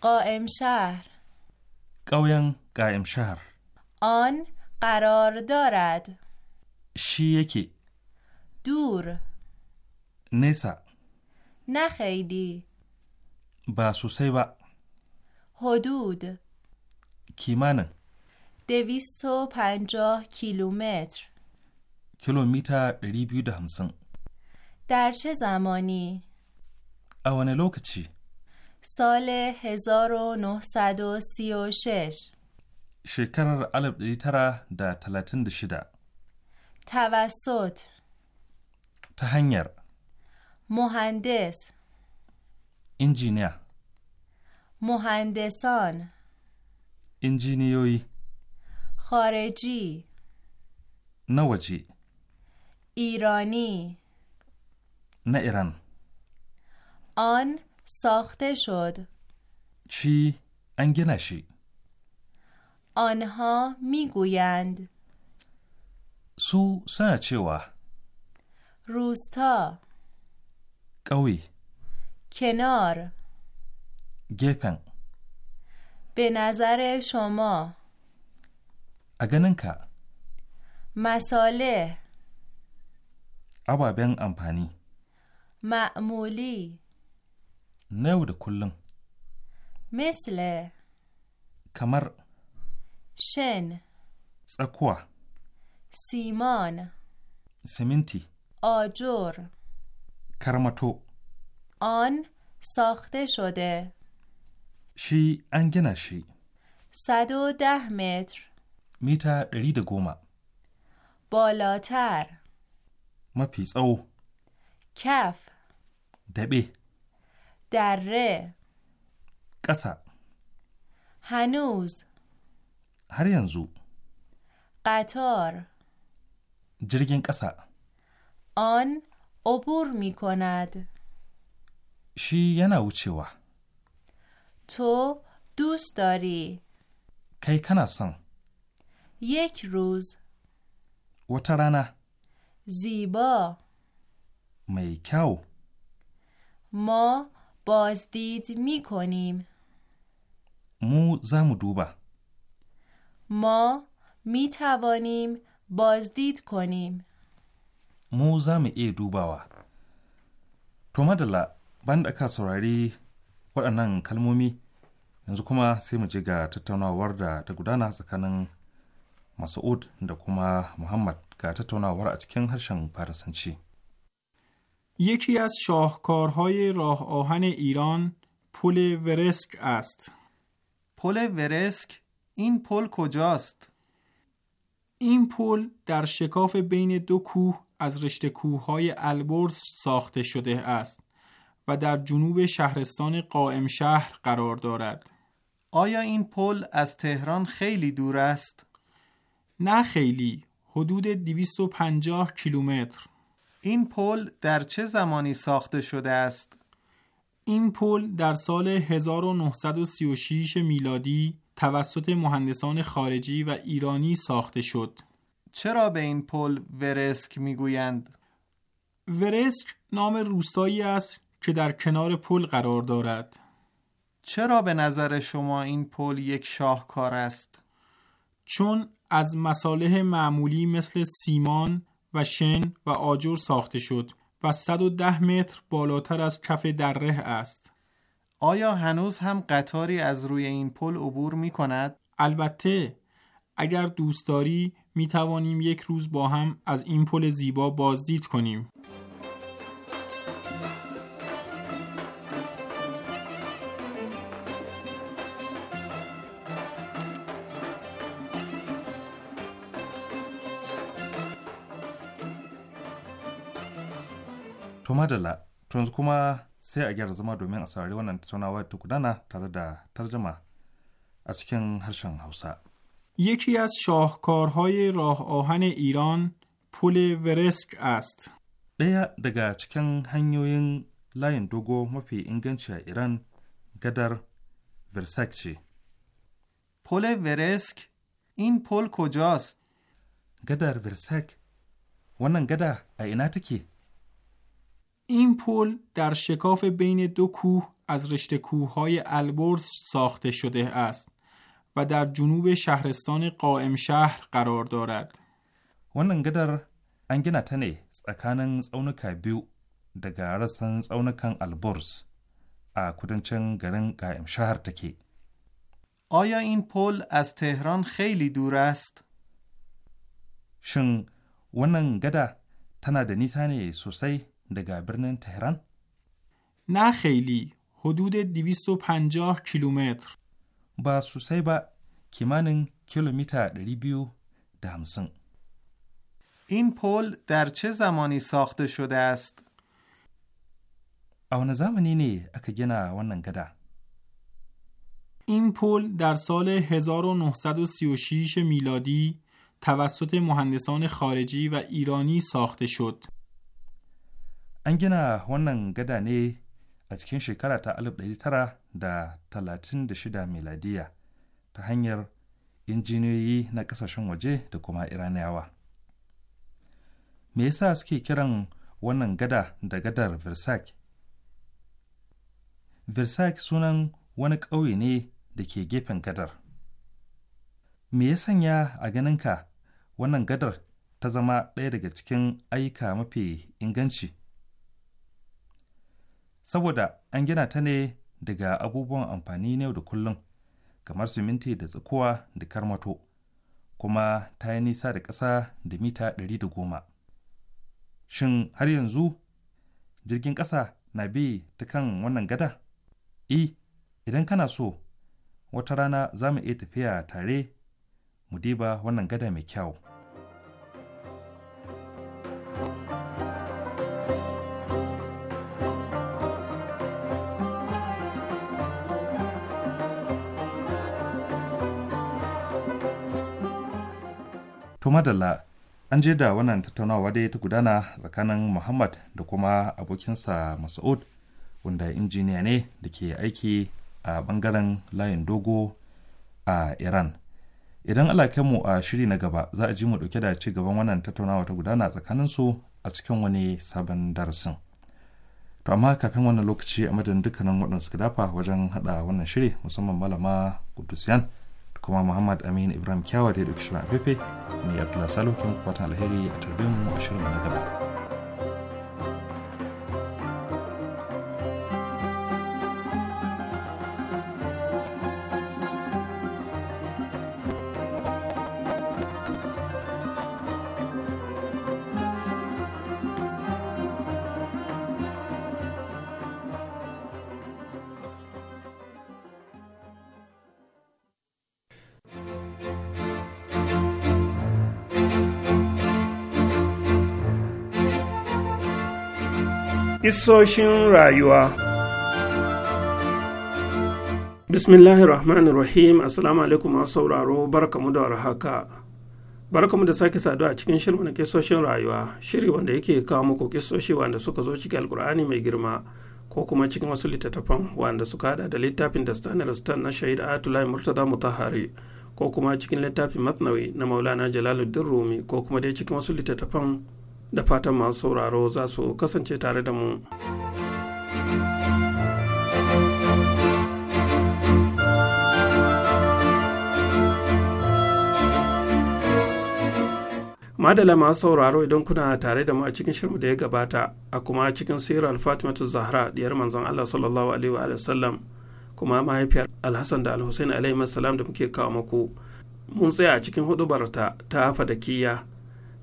قائم شهر قویان قائم شهر آن قرار دارد شی دور نیسا نه خیلی با سوسی حدود کیمان دویست و پنجاه کیلومتر کیلومتر ریبیو ده در چه زمانی؟ اوان چی؟ سال 1936 شکرر علب دیتره در تلاتن دشیده توسط تهنگر مهندس انجینیر مهندسان انجینیوی خارجی نوجی ایرانی ن ایران آن ساخته شد چی نشید؟ آنها میگویند سو سنا و روستا قوی کنار گپن به نظر شما اگننکا مساله ابابن امپانی معمولی نو ده کلن مثل کمر شن سکوا سیمان سمنتی آجر کرماتو آن ساخته شده شی انگنه شی صد و ده متر میتر رید گوما بالاتر ما پیس او کف daɓe dare ƙasa hanus har yanzu ƙator jirgin ƙasa on obur mikonad shi yana wucewa to dustari kai kana son yek ruz wata rana Zibo. mai kyau ما بازدید می کنیم مو زم دوبه ما می توانیم بازدید کنیم مو زم ای دوباوا تو مدلا بند اکا سراری waɗannan kalmomi yanzu kuma sai mu je ga tattaunawar da ta gudana tsakanin Mas'ud da kuma Muhammad ga tattaunawar a cikin harshen faransanci. یکی از شاهکارهای راه آهن ایران پل ورسک است. پل ورسک این پل کجاست؟ این پل در شکاف بین دو کوه از رشته کوههای البرز ساخته شده است و در جنوب شهرستان قائم شهر قرار دارد. آیا این پل از تهران خیلی دور است؟ نه خیلی، حدود 250 کیلومتر. این پل در چه زمانی ساخته شده است؟ این پل در سال 1936 میلادی توسط مهندسان خارجی و ایرانی ساخته شد. چرا به این پل ورسک میگویند؟ ورسک نام روستایی است که در کنار پل قرار دارد. چرا به نظر شما این پل یک شاهکار است؟ چون از مصالح معمولی مثل سیمان و شن و آجر ساخته شد و 110 متر بالاتر از کف دره است. آیا هنوز هم قطاری از روی این پل عبور می کند؟ البته اگر دوست داری می توانیم یک روز با هم از این پل زیبا بازدید کنیم. To madalla, to yanzu kuma sai a gyara zama domin a saurari wannan tattaunawa ta gudana tare da tarjama a cikin harshen Hausa. یکی از شاهکارهای راه آهن ایران پل ورسک است. daga cikin hanyoyin layin dogo mafi inganci a Iran gadar ورسک چی؟ پل in این پل کجاست؟ گدر ورسک ونن گده اینا این پل در شکاف بین دو کوه از رشته کوههای البرز ساخته شده است و در جنوب شهرستان قائم شهر قرار دارد. wannan gadar an gina ta ne tsakanin tsaunuka biyu daga rassan tsaunukan alborz a kudancin garin ƙa'im shahar آیا این پل از تهران خیلی دور است؟ shin wannan gada tana da nisa ne daga birnin تهران؟ Na حدود hudud 250 کیلومتر با sosai ba, کیلومتر 250. این پل در چه زمانی ساخته شده است؟ اون زمانی نه اکا گنا ونن این پل در سال 1936 میلادی توسط مهندسان خارجی و ایرانی ساخته شد. an gina wannan gada ne a cikin shekara ta 1936 meladiya ta hanyar injiniyoyi na kasashen waje da kuma iraniyawa me yasa suke kiran wannan gada da gadar versailles versailles sunan wani ƙauye ne da ke gefen gadar me ya sanya a ganinka wannan gadar ta zama ɗaya daga cikin aika mafi inganci saboda an gina ta ne daga abubuwan amfani na yau da kullum kamar siminti da tsakuwa da karmato kuma ta yi nisa da ƙasa da mita 110 shin har yanzu jirgin ƙasa na bi ta kan wannan gada e idan kana so wata rana za mu iya tafiya tare mu diba wannan gada mai kyau To madalla an je da wannan tattaunawa dai ta gudana tsakanin Muhammad da kuma abokinsa masa'ud wanda injiniya ne da ke aiki a bangaren layin dogo a Iran. Idan mu a shiri na gaba za a ji mu dauke da ci gaban wannan tattaunawa ta gudana tsakanin su a cikin wani sabon darasin. To amma kafin wannan lokaci a madadin dukkanin waɗanda suka dafa wajen haɗa wannan shiri musamman malama Kudusiyan. kuma muhammad amin ibrahim kyawa da ya ɗauki shirin afefe ne abdullahi salo ke muku fatan alheri a tarbiyyar mu a shirin na gaba. Isoshin rayuwa Bismillahir Rahmanir Rahim Assalamu alaikum masu sauraro barkamu da warhaka. Barkamu da sake saduwa a cikin shirin na kisoshin rayuwa, shiri wanda yake kawo muku kisoshi wanda suka zo cikin Alkur'ani mai girma ko kuma cikin wasu littattafan wanda suka hada da littafin Stanley Rustan na Shahid Ayatollah Murtaza Mutahari ko kuma cikin littafin Matnawi na Maulana Jalaluddin Rumi ko kuma dai cikin wasu littattafan da fatan masu sauraro za su kasance tare da mu. madala masu sauraro idan kuna tare da mu a cikin shirin da ya gabata a kuma cikin sirar alfatimatu zahra diyar manzon allah sallallahu alaihi wa sallam kuma mahaifiyar alhassan da alhussein alaihi da muke kawo maku mun tsaya a cikin hudubarta ta da kiyya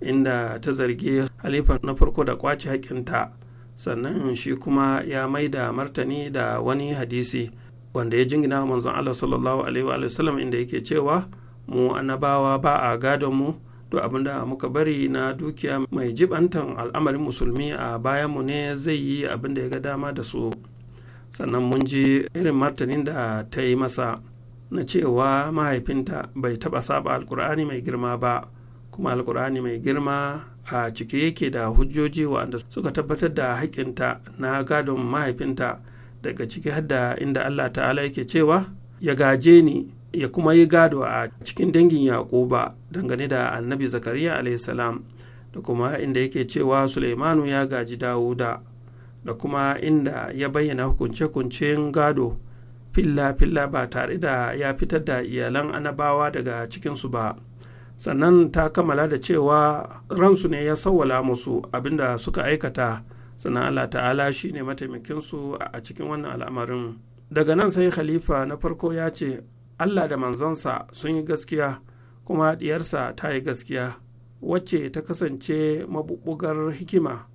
inda ta zargi halifa na farko da kwace hakinta sannan shi kuma ya mai da martani da wani hadisi wanda ya jingina manzon Allah sallallahu alaihi wa sallam inda yake cewa mu annabawa ba a gadon mu to abin da muka bari na dukiya mai jibantan al'amarin musulmi a bayan mu ne zai yi abinda ya ga dama da su sannan mun ji irin martanin da ta yi masa na cewa mahaifinta bai taɓa saba alkur'ani mai girma ba kuma alkur'ani mai girma a cike yake da hujjoji waɗanda suka tabbatar da haƙƙinta na gadon mahaifinta daga ciki hadda inda Allah ta'ala yake cewa ya gaje ni ya kuma yi gado a cikin dangin yaƙuba dangane da annabi zakariya alaihissalam da kuma inda yake cewa suleimanu ya gaji dawuda da kuma inda ya bayyana hukunce-hukuncen gado filla-filla ba tare da ya fitar da iyalan anabawa daga cikinsu ba sannan ta kammala da cewa ransu ne ya sawwala musu abinda suka aikata sannan allah ta'ala shi ne mataimakinsu a cikin wannan al'amarin daga nan sai khalifa na farko ya ce allah da manzansa sun yi gaskiya kuma diyarsa ta yi gaskiya wacce ta kasance mabubugar hikima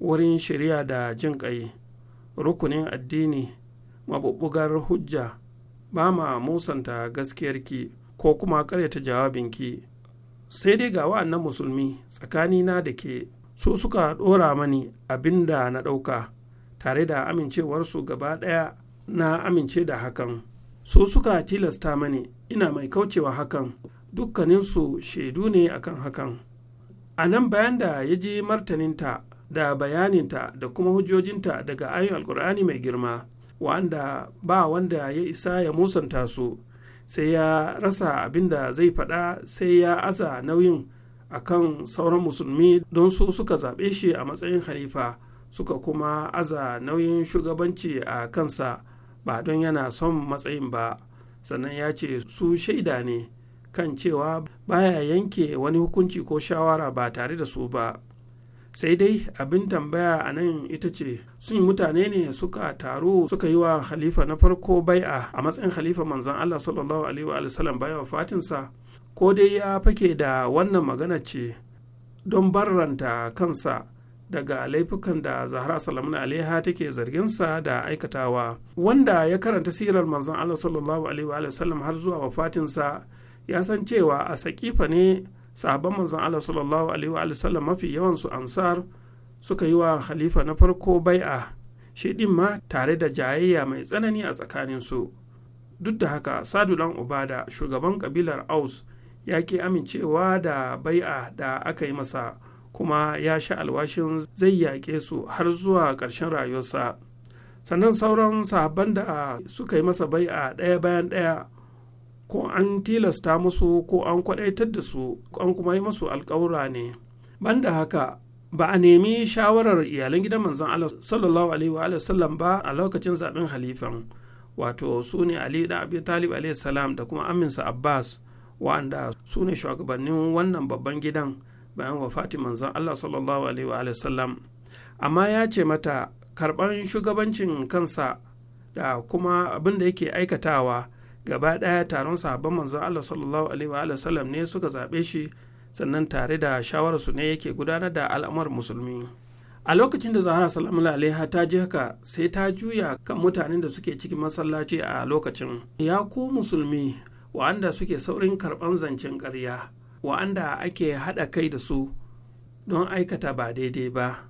wurin shari'a da jin ƙai rukunin addini mabubugar hujja ba ma musanta gaskiyarki ko kuma ƙaryata jawabinki sai dai ga wa'annan musulmi tsakanina da ke su suka ɗora mani abin da na ɗauka tare da amincewarsu gaba ɗaya na amince da hakan su suka tilasta mani ina mai kaucewa hakan dukkaninsu shaidu ne akan hakan a nan bayan da ya ji martaninta da bayaninta da kuma hujjojinta daga ayin alkur'ani mai girma wa'anda ba wanda ya isa ya musanta su sai ya rasa abin da zai faɗa sai ya aza nauyin a kan sauran musulmi don su suka zaɓe shi a matsayin halifa suka kuma aza nauyin shugabanci a kansa ba don yana son matsayin ba sannan ya ce su shaida ne kan cewa baya yanke wani hukunci ko shawara ba tare da su ba sai dai abin tambaya a nan ita ce sun mutane ne suka taru suka yi wa khalifa na farko bai'a a matsayin khalifa manzon Allah sallallahu alaihi wa sallam wa fatinsa ko dai ya fake da wannan magana ce don barranta kansa daga laifukan da zahra salamun alaiha take zarginsa da aikatawa wanda ya karanta sirar manzon Allah sallallahu alaihi wa sallam har zuwa wafatinsa ya san cewa a sakifa ne sahabban manzon Allah sallallahu alaihi wa sallam mafi yawan su ansar suka yi wa khalifa na farko bai'a shi din ma tare da jayayya mai tsanani a tsakanin su duk da haka sadu dan ubada shugaban kabilar aus ya ki amincewa da bai'a da aka yi masa kuma ya sha alwashin zai yaƙe su har zuwa ƙarshen rayuwarsa sannan sauran sahabban da suka yi masa bai'a ɗaya bayan ɗaya ko an tilasta musu ko an kwadaitar da su an kuma yi musu alkawura ne banda haka ba a nemi shawarar iyalan gidan manzon Allah sallallahu alaihi wa sallam ba a lokacin zaben halifan wato su ne Ali da Abi Talib alaihi salam da kuma aminsa Abbas wa'anda su ne shugabannin wannan babban gidan bayan wafati manzon Allah sallallahu alaihi wa sallam amma ya ce mata karban shugabancin kansa da kuma abin da yake aikatawa gaba ɗaya taron sahabban manzon Allah sallallahu alaihi wa sallam ne suka zaɓe shi sannan tare da shawararsu ne yake gudanar da al'amar musulmi a lokacin da zahara salamu alaiha ta ji haka sai ta juya kan mutanen da suke cikin masallaci a lokacin ya ku musulmi wa'anda suke saurin karɓan zancen ƙarya wa'anda ake haɗa kai da su don aikata ba daidai ba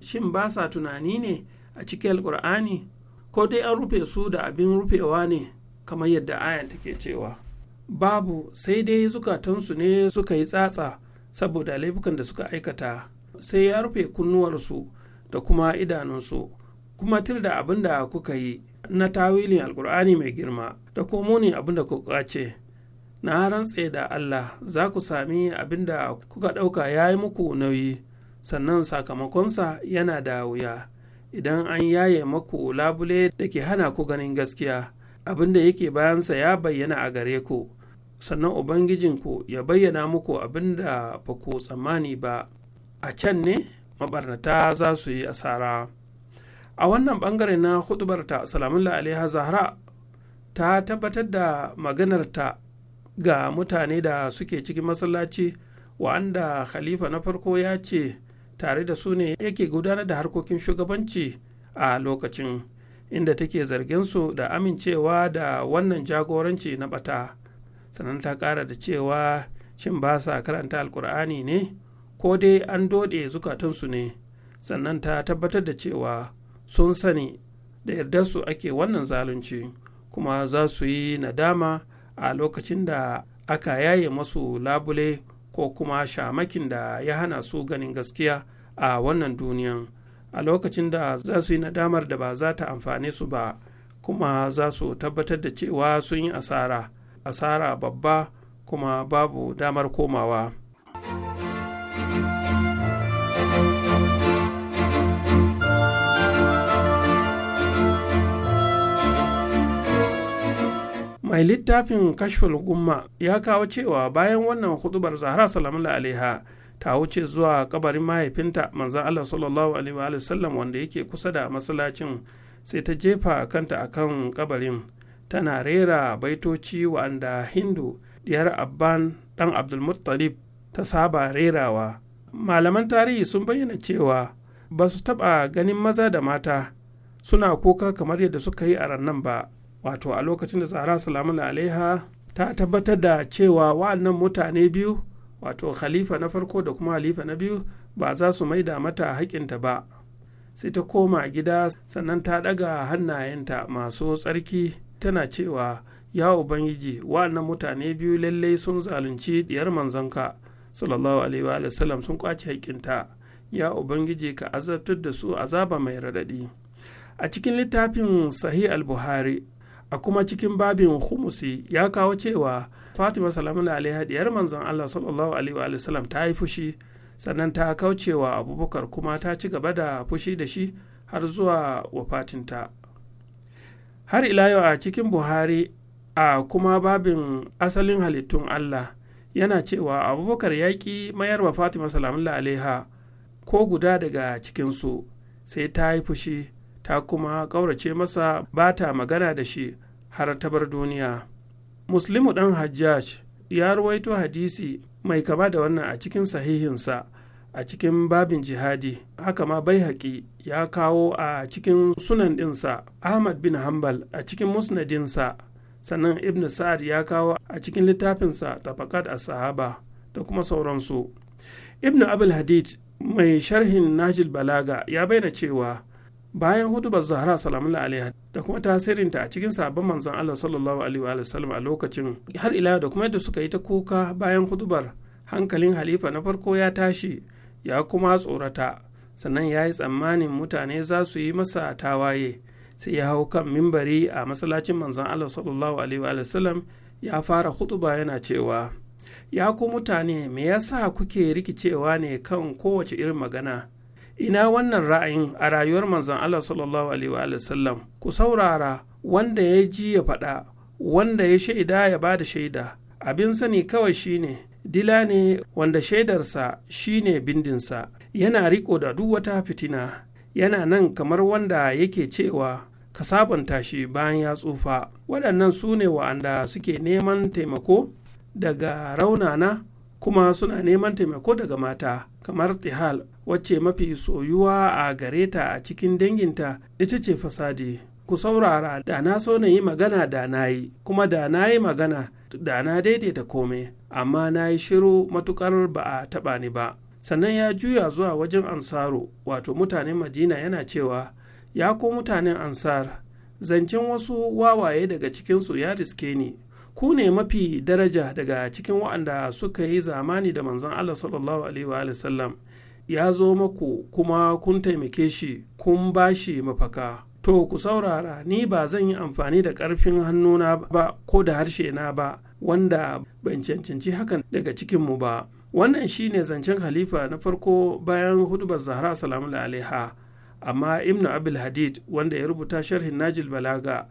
shin ba sa tunani ne a cikin alƙur'ani ko dai an rufe su da abin rufewa ne kamar yadda ayan take cewa babu sai dai zukatansu ne suka yi tsatsa saboda laifukan da suka aikata sai ya rufe kunnuwarsu da kuma idanunsu kuma tilda abin da kuka yi na tawilin alkur'ani mai girma da kuma muni abin da kuka ce. na rantse da Allah za ku sami abin da kuka ɗauka ya yi muku nauyi sannan sakamakonsa yana da wuya idan an yaye maku labule da ke hana ku ganin gaskiya abin da yake bayansa ya bayyana a gare ku sannan ubangijinku ya bayyana muku abin da ba ku tsammani ba a can ne mabarnata za su yi asara a wannan bangare na ta salamullah alaiha zahra ta tabbatar da maganarta ga mutane da suke cikin masallaci wa'anda khalifa na farko ya ce tare da su ne yake gudanar da harkokin shugabanci a lokacin inda take zargin su da amincewa da wannan jagoranci na bata sannan ta ƙara da cewa shin ba sa karanta alkur'ani ne ko dai an doɗe zukatunsu ne sannan ta tabbatar da cewa sun sani da yardarsu ake wannan zalunci kuma za su yi nadama a lokacin da aka yaye masu labule ko kuma shamakin da ya hana su ganin gaskiya a wannan duniyan a lokacin da za su yi nadamar da ba za ta amfane su ba kuma za su tabbatar da cewa sun yi asara asara babba kuma babu damar komawa mai littafin kashful gumma ya kawo cewa bayan wannan hudubar zahra salamu alaiha ta wuce zuwa kabarin mahaifinta manzan Allah sallallahu alaihi wa sallam wanda yake kusa da masallacin sai ta jefa kanta akan kabarin tana rera baitoci wa'anda hindu diyar abban dan abdulmuttalib ta saba rerawa malaman tarihi sun bayyana cewa ba su taɓa ganin maza da mata suna kuka kamar yadda suka yi a rannan ba wato a lokacin da tsara salamun alaiha ta tabbatar da cewa wa'annan mutane biyu wato khalifa na farko da kuma halifa na biyu ba za su maida mata haƙinta ba sai ta koma gida sannan ta ɗaga hannayenta masu tsarki tana cewa ya ubangiji wa'annan mutane biyu lallai sun zalunci diyar manzanka sallallahu alaihi wa sallam sun kwace haƙinta ya ubangiji ka azabtar da su azaba mai raɗaɗi a cikin littafin sahih al-buhari a kuma cikin babin humusi ya kawo cewa fatima salamun alaiha diyar manzon allah sallallahu alaihi wa sallam ta yi fushi sannan ta kaucewa abubakar kuma ta ci gaba da fushi da shi har zuwa wafatinta har ila yau a cikin buhari a kuma babin asalin halittun allah yana cewa abubakar yaƙi mayar wa fatima salamun alaiha ko guda daga cikinsu sai ta yi fushi ta kuma ƙaurace masa ba ta magana da shi har ta bar duniya muslimu ɗan hajjaj ya ruwaito hadisi mai kama da wannan a cikin sahihinsa a cikin babin jihadi haka ma bai ya kawo a cikin sunan ɗinsa ahmad bin Hambal a cikin musnadinsa sannan ibn sa'ad ya kawo a cikin littafinsa tafakat a sahaba da kuma sauransu ibn abul hadid mai sharhin najil balaga ya bayyana cewa bayan Hudu hudubar zahra salamun alaiha da kuma tasirinta a cikin sabon manzon Allah sallallahu alaihi wa sallam a lokacin har ila da kuma yadda suka yi ta kuka bayan hudubar hankalin halifa na farko ya tashi ya kuma tsorata sannan ya yi tsammanin mutane za su yi masa tawaye sai ya hau kan mimbari a masallacin manzon Allah sallallahu alaihi wa sallam ya fara huduba yana cewa ya ku mutane me yasa kuke rikicewa ne kan kowace irin magana ina wannan ra'ayin a rayuwar manzon Allah sallallahu alaihi wa sallam ku saurara wanda ya ji ya faɗa wanda ya shaida ya ba da shaida abin sani kawai shine dila ne wanda shaidarsa shine bindinsa yana riko da duk wata fitina yana nan kamar wanda yake cewa ka sabanta shi bayan ya tsufa waɗannan su ne wa'anda suke neman taimako daga raunana kuma suna neman taimako daga mata kamar tihal wacce mafi soyuwa a gareta a cikin danginta ita ce fasadi ku saurara da na so na yi magana da na yi kuma da na yi magana da na daidaita kome amma na yi shiru matukar ba a taba ni ba sannan ya juya zuwa wajen ansaru wato mutanen madina yana cewa ya ko mutanen ansar zancen wasu wawaye daga cikinsu ya riske ni ku ne mafi daraja daga cikin waɗanda suka yi zamani da manzon allah sallallahu alaihi wa sallam ya zo maku kuma kun taimake shi kun ba shi mafaka to ku saurara ni ba zan yi amfani da ƙarfin hannuna ba ko da harshe na ba wanda ban cancanci hakan daga cikinmu ba wannan shi ne zancen khalifa na farko bayan hudubar zahra salamu alaiha amma ibnu abil hadid wanda ya rubuta sharhin najil balaga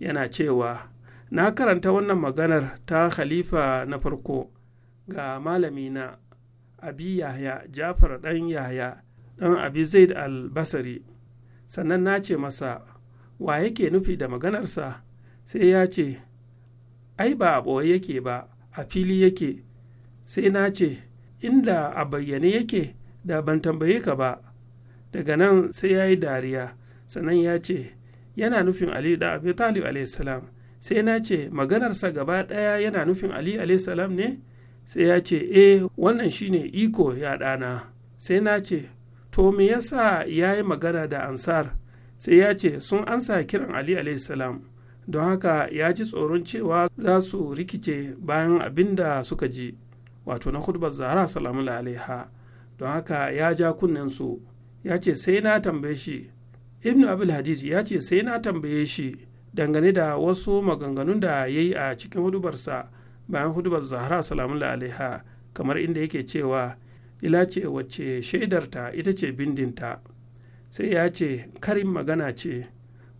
yana cewa na karanta wannan maganar ta khalifa na farko ga malamina abi yahya jafar ɗan yahya ɗan abi zaid al-basari sannan na ce masa wa yake nufi da maganarsa sai ya ce ai ba a ɓoye yake ba a fili yake sai na ce inda a bayyane yake da ban tambaye ka ba daga nan sai ya yi dariya sannan ya ce yana nufin ali da abi talib sai na ce maganarsa gaba ɗaya yana nufin ali salam ne sai ya ce e wannan shine iko ya ɗana sai na ce to me yasa ya yi magana da ansar sai ya ce sun ansa kiran ali salam don haka ya ji tsoron cewa za su rikice bayan abin da suka ji wato na hudubar zahra salamu alaiha don haka ya ja kunnensu ya ce sai na tambaye shi Ibn abul hadiz ya ce sai na tambaye shi dangane da wasu maganganun da ya yi a cikin hudubarsa bayan hudubar zahra salamun alaiha kamar inda yake cewa ila ce wacce shaidarta ita ce bindinta sai ya ce karin magana ce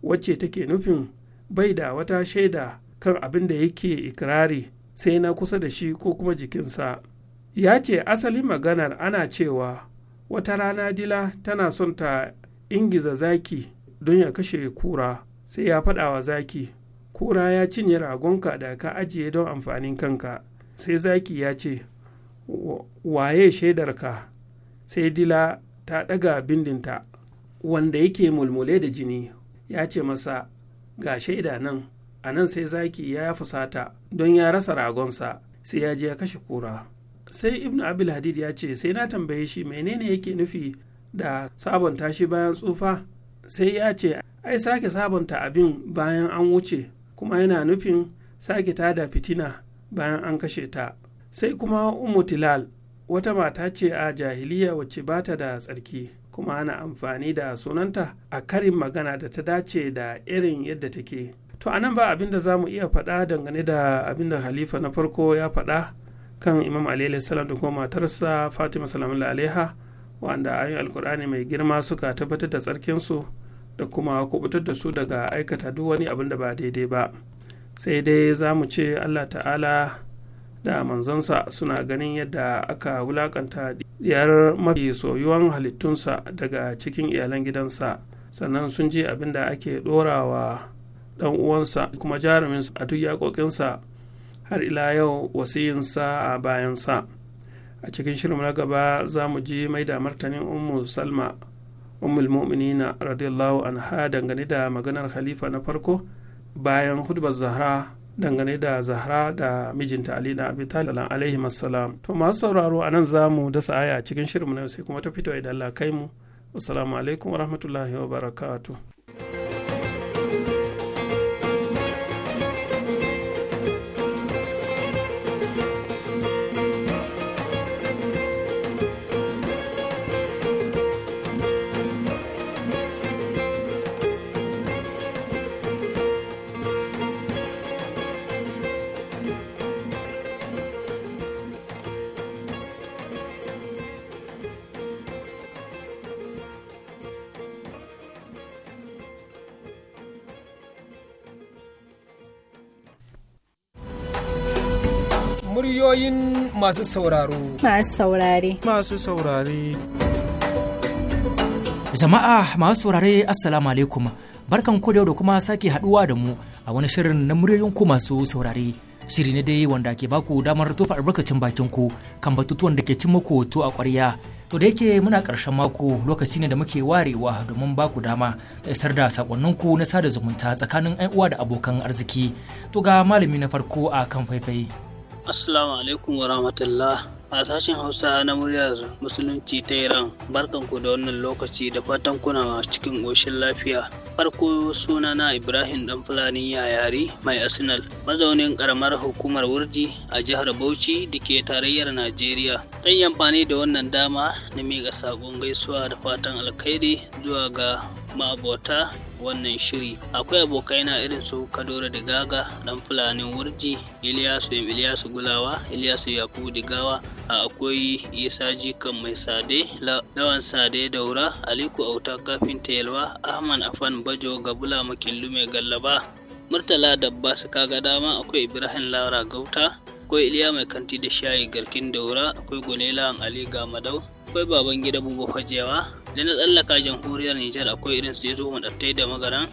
wacce take nufin bai da wata shaida kan abin da yake ikirari sai na kusa da shi ko kuma jikinsa ya ce asalin maganar ana cewa wata rana dila tana son ta ingiza zaki don ya kashe kura sai ya faɗa wa zaki kura ya cinye ragonka da ka ajiye don amfanin kanka sai zaki ya ce waye shaidarka sai dila ta ɗaga bindinta wanda yake mulmule da jini ya ce masa ga shaida nan a nan sai zaki ya fusata don ya rasa ragonsa sai ya je ya kashe kura sai ibn abil hadid ya ce sai na tambaye shi menene yake nufi da sabonta shi bayan tsufa sai ya ce ai sake sabonta abin bayan an wuce kuma yana nufin sake da fitina bayan an kashe ta sai kuma umutilal wata mata ce a jahiliya wacce ba ta da tsarki kuma ana amfani da sunanta a karin magana da ta dace da irin yadda take to a nan ba abin da za mu iya faɗa dangane da abin da halifa na farko ya faɗa kan imam alayhi salam da kuma matarsa fatima salamun alaiha wanda ayoyin alkur'ani mai girma suka tabbatar da tsarkinsu da kuma kubutar da su daga aikata duk wani abin da ba daidai ba sai dai za mu ce allah ta'ala da manzansa suna ganin yadda aka wulakanta diyar mafi soyuwan halittunsa daga cikin iyalan gidansa sannan sun ji abin da ake ɗorawa ɗan uwansa kuma jarumin a duk yaƙoƙinsa har ila yau wasiyinsa a bayansa a cikin shirin na gaba za mu ji mai da martanin ummu salma ummul mu'minina radiyallahu anha dangane da maganar khalifa na farko bayan hudbar zahra dangane da zahra da mijinta ali na abi talib alaihi assalam to masu sauraro a nan za mu dasa aya a cikin mu na yau sai kuma ta fito idan Allah kai mu assalamu alaikum wa barakatuh muryoyin masu sauraro. Masu saurare. Masu saurare. Jama'a masu saurare Assalamu alaikum. Barkan ku da kuma sake haduwa da mu a wani shirin na muryoyin ku masu saurare. Shiri ne dai wanda ke baku damar tofa albarkacin bakin ku kan batutuwan da ke cin muku to a ƙwarya. To da yake muna ƙarshen mako lokaci ne da muke warewa domin baku dama da isar da ku na sada zumunta tsakanin 'yan uwa da abokan arziki. To ga malami na farko a kan faifai. Assalamu alaikum wa rahmatullah. A sashen Hausa na muryar Musulunci ta Iran, barkan ku da wannan lokaci da fatan kuna cikin ƙoshin lafiya. Farko sunana Ibrahim Dan Fulani Yayari mai Arsenal, mazaunin ƙaramar hukumar Wurji a jihar Bauchi da ke tarayyar Najeriya. Zan yi amfani da wannan dama na miƙa saƙon gaisuwa da fatan alkhairi zuwa ga mabota wannan shiri akwai abokai na irin su kadoro da gaga dan fulanin wurji iliyasu iliyasu gulawa iliyasu yakubu digawa akwai isa jikan mai sade lawan sade daura aliku auta kafin yalwa ahman afan bajo gabula makillu mai gallaba murtala dabba su kaga dama akwai ibrahim laura gauta akwai iliya mai kanti da shayi garkin daura akwai gulela ali gamadau akwai baban gida buba fajewa da na tsallaka jamhuriyar nijar akwai irin su yazo madattai da magana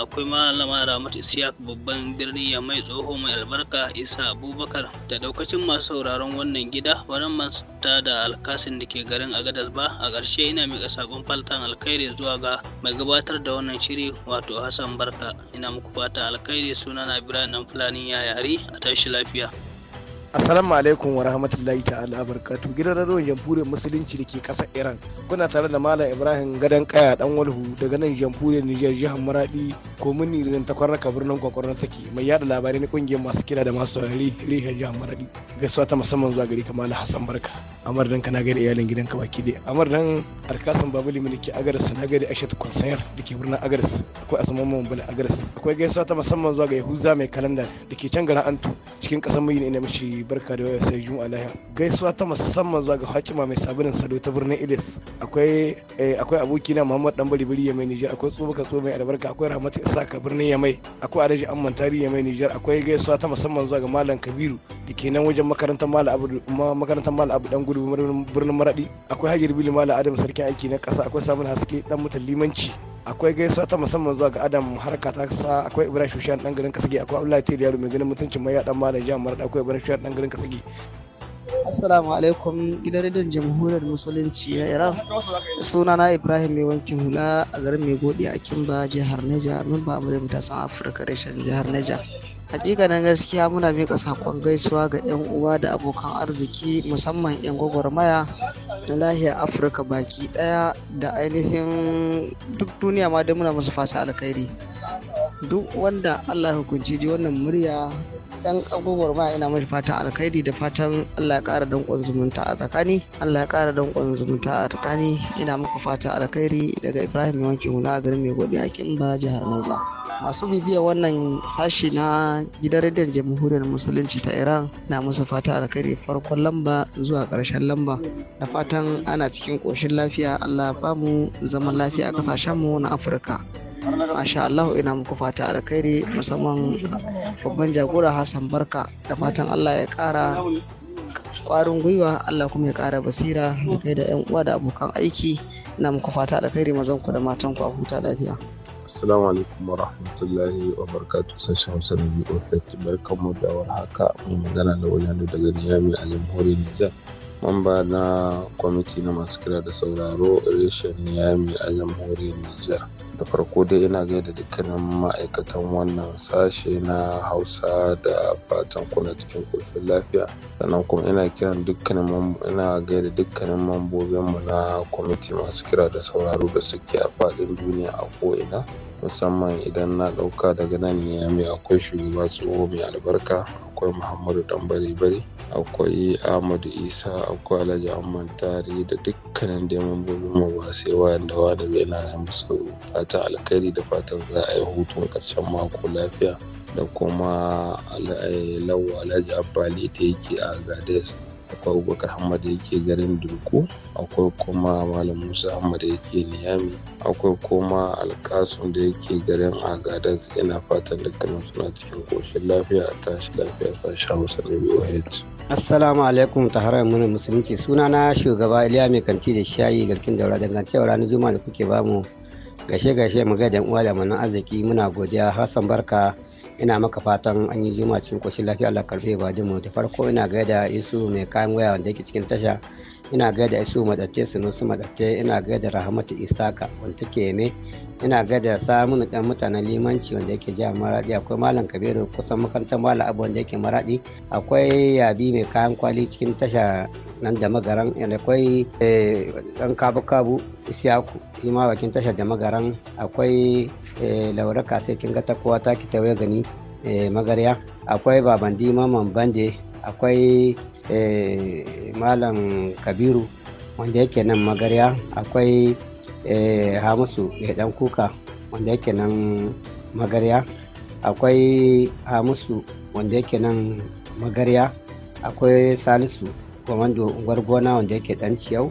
akwai malama ramatu isiyak babban birni ya mai tsoho mai albarka isa abubakar da daukacin masu sauraron wannan gida wannan masu da alkasin da ke garin agadas ba a ƙarshe ina miƙa sakon faltan alkhairi zuwa ga mai gabatar da wannan shiri wato hassan barka ina muku fata alkhairi sunana ibrahim fulani ya yari a tashi lafiya Assalamu alaikum wa rahmatullahi ta'ala barkatu gidan radon jamhuriyar musulunci da ke kasa Iran. Kuna tare da Malam Ibrahim gadon Kaya dan Walhu daga nan jamhuriyar Nijar jihar Maradi komini da takwarar birnin kwakwarna take mai yada labarai na kungiyar masu kira da masu saurari rihar jihar Maradi. Gaisuwa ta musamman zuwa gari kamar Hassan Barka. amar dan kana gaida iyalin gidan ka baki dai amar dan alkasan babali mulki agaras na gaida aishat konsayar da ke birnin agaras akwai mun bala agaras akwai gaisuwa ta musamman zuwa ga yahuza mai kalanda da ke can garin antu cikin kasar mai ne mishi barka da waya sai juma'a lahiya gaisuwa ta musamman zuwa ga hakima mai sabulin sado ta birnin ilis akwai eh, akwai abokina muhammad dan balibiri ya mai niger akwai ka tsoba mai albarka akwai rahmatu isaka birnin yamai akwai adaji amman tari yamai niger akwai gaisuwa ta musamman zuwa ga malam kabiru da ke nan wajen makarantar malam abu makarantar malam abu dan dubi birnin maradi akwai hajjar bili mala adam sarkin aiki na kasa akwai samun haske dan mutan limanci akwai gaisuwa ta musamman zuwa ga adam harka ta sa akwai ibrahim shushan dan garin kasage akwai abdullahi tiri yaro mai ganin mutuncin mai yadan malam jihar maradi akwai ibrahim shushan dan garin kasage Assalamu alaikum gidan rediyon jamhuriyar musulunci na Iran. Sunana Ibrahim mai wankin hula a garin mai godi a Kimba jihar Neja, mun ba mu da mutasan Afirka reshen jihar Neja. hakikanin gaskiya muna mika sakon gaisuwa ga 'yan uwa da abokan arziki musamman 'yan gwagwarmaya na lahiyar afirka baki ɗaya da ainihin duk duniya ma dai muna musu fasa alkhairi duk wanda allah hukunci ji wannan murya dan abubuwar ma ina mashi fata alkhairi da fatan Allah ya kara dankon zumunta a tsakani Allah ya kara dankon zumunta a tsakani ina muku fata alkhairi daga Ibrahim Yawanki Huna a garin Mai Godi a Kimba jihar Nasa. masu bibiya wannan sashi na gidan rediyon jamhuriyar musulunci ta Iran na musu fata alkhairi farkon lamba zuwa karshen lamba da fatan ana cikin koshin lafiya Allah ya bamu zaman lafiya a kasashen mu na Afirka masha Allah ina muku fata alkhairi musamman babban jagora Hassan Barka da fatan Allah ya ƙara kwarin gwiwa Allah kuma ya kara basira da kai da 'yan uwa da abokan aiki ina muku fata alkhairi mazan ku da matan ku a huta lafiya. Assalamu alaikum wa rahmatullahi wa barakatuh sashen Hausa na BOH mu da warhaka mu magana da wani daga Niyami a jamhuriyar Nijar. Mamba na kwamiti na masu kira da sauraro reshen Niyami a jamhuriyar Nijar. da farko dai ina gaida dukkanin ma'aikatan wannan sashe na hausa da fatan kuna cikin kofin lafiya sannan kuma ina kiran dukkanin ina gaida dukkanin mambobinmu na kwamiti masu kira da sauraro da suke a faɗin duniya a ko'ina musamman idan na ɗauka daga nan mai akwai shugaba tsoho mai albarka akwai muhammadu ɗan bari bari akwai ahmadu isa akwai alhaji amman tari da dukkanin da mambobin mu ba sai wayanda wani bai na musu fatan alkhairi da fatan za a yi hutun ƙarshen mako lafiya da kuma eh, lawa alhaji abbali da yake a gades akwai abubakar hamad da yake garin durko akwai kuma malam musa hamad da yake niyami akwai kuma alkasun da yake garin agadas yana fatan dukkanin suna cikin koshin lafiya a tashi lafiya sashi hausa na boh assalamu alaikum ta harar mana musulunci na, shugaba iliya mai kanti da shayi garkin daura dangancewa ranar juma'a da kuke bamu gashe gashe mu uwa da manan arziki muna godiya hassan barka ina maka fatan an yi juma cikin koshin lafiya Allah karfe ba jimu da farko ina gaida isu mai kayan waya wanda yake cikin tasha ina gaida isu madace sunusu madatte ina gaida rahmatu isaka wanda take ne ina gaida samun dan mutanen limanci wanda yake jihar maradi akwai malam kabiru kusan makarantar malam abu wanda yake maradi akwai yabi mai kayan kwali cikin tasha nan da magaran akwai eh, dan kabu kabu isiyaku shi ma bakin tasha da magaran akwai eh, laura kase kin ga ta kowa ta ki tawaye gani eh, magarya akwai baban dima bande akwai Eh, malam kabiru wanda yake nan magarya akwai eh, hamisu mai dan kuka wanda yake nan magarya akwai hamisu wanda yake nan magarya akwai salisu gwamando unguwar gona wanda yake dan ciyau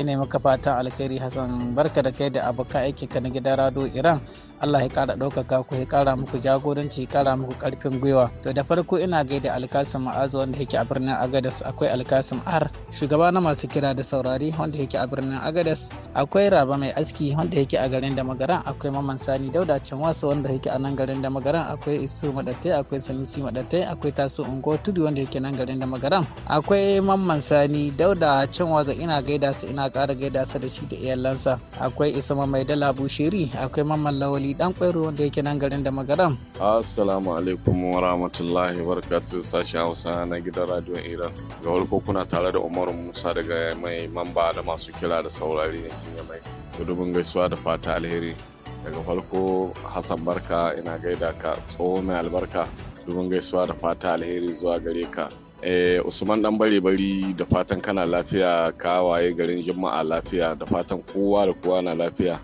ina maka fatan alkhairi hassan barka da kai da abokan aiki ka na gidan rado iran Allah ya kara ɗaukaka ku ya kara muku jagoranci ya kara muku karfin gwiwa to da farko ina gaida alkasim ma'azu wanda yake a birnin agadas akwai alkasim ar shugaba na masu kira da saurari wanda yake a birnin agadas akwai raba mai aski wanda yake a garin da magaran akwai maman sani dauda wasu wanda yake a nan garin da magaran akwai isu madatai akwai sanusi madatai akwai tasu ungo tudu wanda yake nan garin da magaran akwai mamman sani dauda waza ina gaida su ina kara gaida su da shi da iyalansa akwai isa mai dala bushiri akwai Maman lawali Ali dan kwairo wanda yake nan garin da magaram. Assalamu alaikum wa rahmatullahi wa barakatuh sashen Hausa na gidan Radio Iran. Ga wurko kuna tare da Umaru Musa daga mai mamba da masu kira da saurari yankin Yamai. Gudubin gaisuwa da fata alheri. Daga farko Hassan Barka ina gaida ka tsoho mai albarka. Gudubin gaisuwa da fata alheri zuwa gare ka. Eh, Usman dan bare bari da fatan kana lafiya Ka waye garin Juma'a lafiya da fatan kowa da kowa na lafiya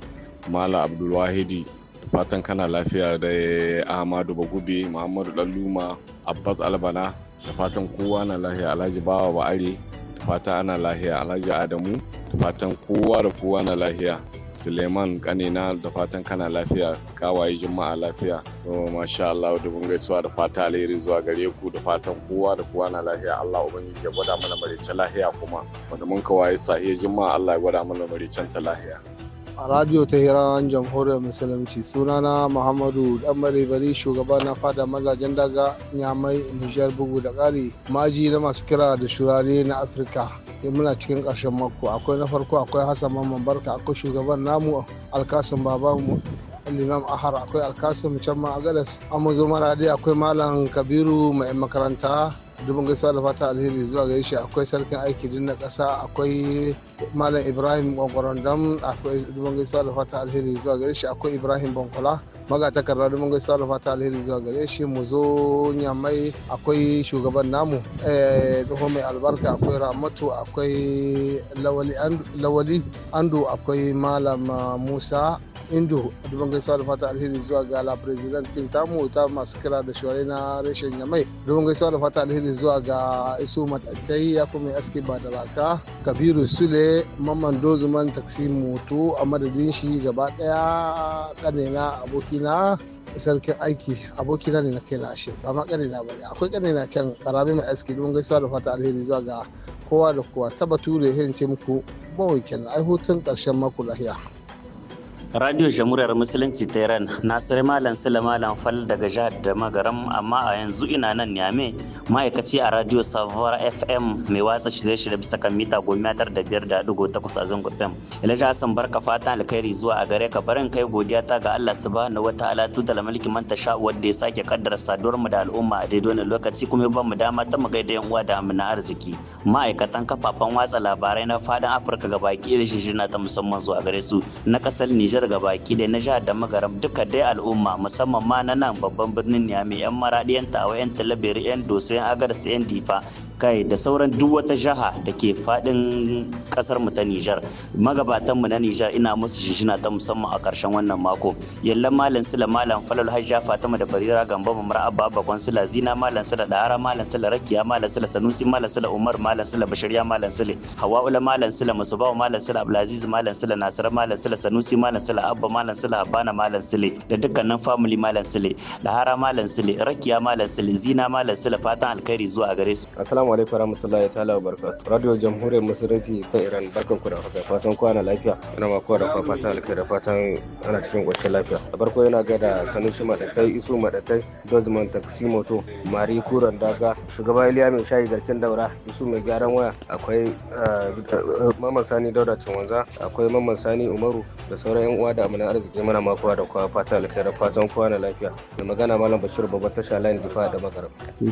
Mala Abdulwahidi fatan kana lafiya da ahmadu bagube muhammadu ɗanluma abbas albana da fatan kowa na lahiya alhaji bawa Ba'ari. da fatan ana lahiya alhaji adamu da fatan kowa da kowa na lahiya suleiman kanina da fatan kana lafiya kawaye juma'a lafiya to masha Allah da mun gaisuwa da fata alheri zuwa gare ku da fatan kowa da kowa na lafiya Allah ubangiji ya gwada mana maricin lafiya kuma wanda mun kawaye sahiya juma'a Allah ya gwada mana maricin ta lafiya A radio ta hiran jamhuriyar musulunci sunana muhammadu dan bari shugaba na fada mazajen daga nyamai nijar bugu da ƙari maji na masu kira da shurare na afirka eh, muna cikin ƙarshen mako akwai na farko akwai hassan mamman barka akwai shugaban namu alkasin babanmu limam ahar akwai alkasim can ma agadas amma zuma akwai malam kabiru mai makaranta dubin gaisuwa da fata alheri zuwa gare shi akwai sarkin aiki din na kasa akwai malam ibrahim gwangwaron dam akwai dubin gaisuwa da fata alheri zuwa gare shi akwai ibrahim bankola magatakarda dubin gaisuwa da fata alheri zuwa gare shi mu zo nyamai akwai shugaban namu eh, tsoho mai albarka akwai ramatu akwai lawali andu akwai malam ah, musa indo dubban gaisuwa da fata alheri zuwa ga la president king tamu ta masu kira da shuwarai na reshen yamai dubban gaisuwa da fata alheri zuwa ga isu matattai ya kuma aski ba da raka kabiru sule mamman dozuman taksi moto a madadin shi gaba daya kanina abokina sarkin aiki abokina ne na kai na ashe ba ma kanina ba ne akwai kanina can karami mai aski dubban gaisuwa da fata alheri zuwa ga kowa da kowa ta da ya ce muku bon weekend ai hutun karshen mako lahiya Radio Jamhuriyar Musulunci ta Iran sare Malam Sule Malam Fal daga jihar da Magaram amma a yanzu ina nan Niamey ma'aikaci a Radio Savoir FM mai watsa shirye-shirye bisa kan mita goma tar da biyar da dugo takwas a zango FM. Ilaja Hassan barka fatan alkhairi zuwa a gare ka barin kai godiya ta ga Allah subhanahu da tutal mulki man sha wanda ya sake kaddara saduwar mu da al'umma a daidai wannan lokaci kuma ya mu dama ta mu gaida yan uwa da mu arziki. Ma'aikatan kafafen watsa labarai na fadan Afirka gabaki da shirye na ta musamman zuwa gare su na kasar Nijar Nijar baki da na jihar da magaram duka dai al'umma musamman ma na nan babban birnin Niamey yan maradiyan yan tawa yan talabiri yan dosu yan agarsa yan difa kai da sauran duk wata jiha da ke faɗin ƙasar mu ta Nijar magabatan mu na Nijar ina musu shishina ta musamman a ƙarshen wannan mako yalla malam sula malam falal hajja fatima da barira Gambo, mamar abba bakon sula zina malam sula dahara malam sula rakiya malam sula sanusi malam sula umar malam sula bashiriya malam sula hawa'ula malam sula musubawa malam sula abdulaziz malam sula nasir malam sula sanusi malam sula abba malam sula habana malam sula da dukkanin family malam sula dahara malam sula rakiya malam sula zina malam sula fatan alkhairi zuwa gare su assalamu ya alaikum warahmatullahi ta'ala wabarakatuh. Radio Jamhuriyar Musulunci ta Iran barkan ku da haka fatan kwana lafiya. Ina ma kowa da fata alkai da fatan ana cikin ƙoshin lafiya. Da farko yana ga da Sanusi Madatai, Isu Madatai, Dozman moto Mari Kuran Daga, Shugaba Iliya Mai Shayi Garkin Daura, Isu Mai Gyaran Waya, akwai eh, Mamman Sani Dauda Cinwanza, akwai Mamman Sani Umaru da sauran 'yan uwa da amina arziki mana ma kowa da kowa fata alkai da fatan kwana lafiya. Da magana Malam Bashir Babban Tasha Layin jifa da Magaram.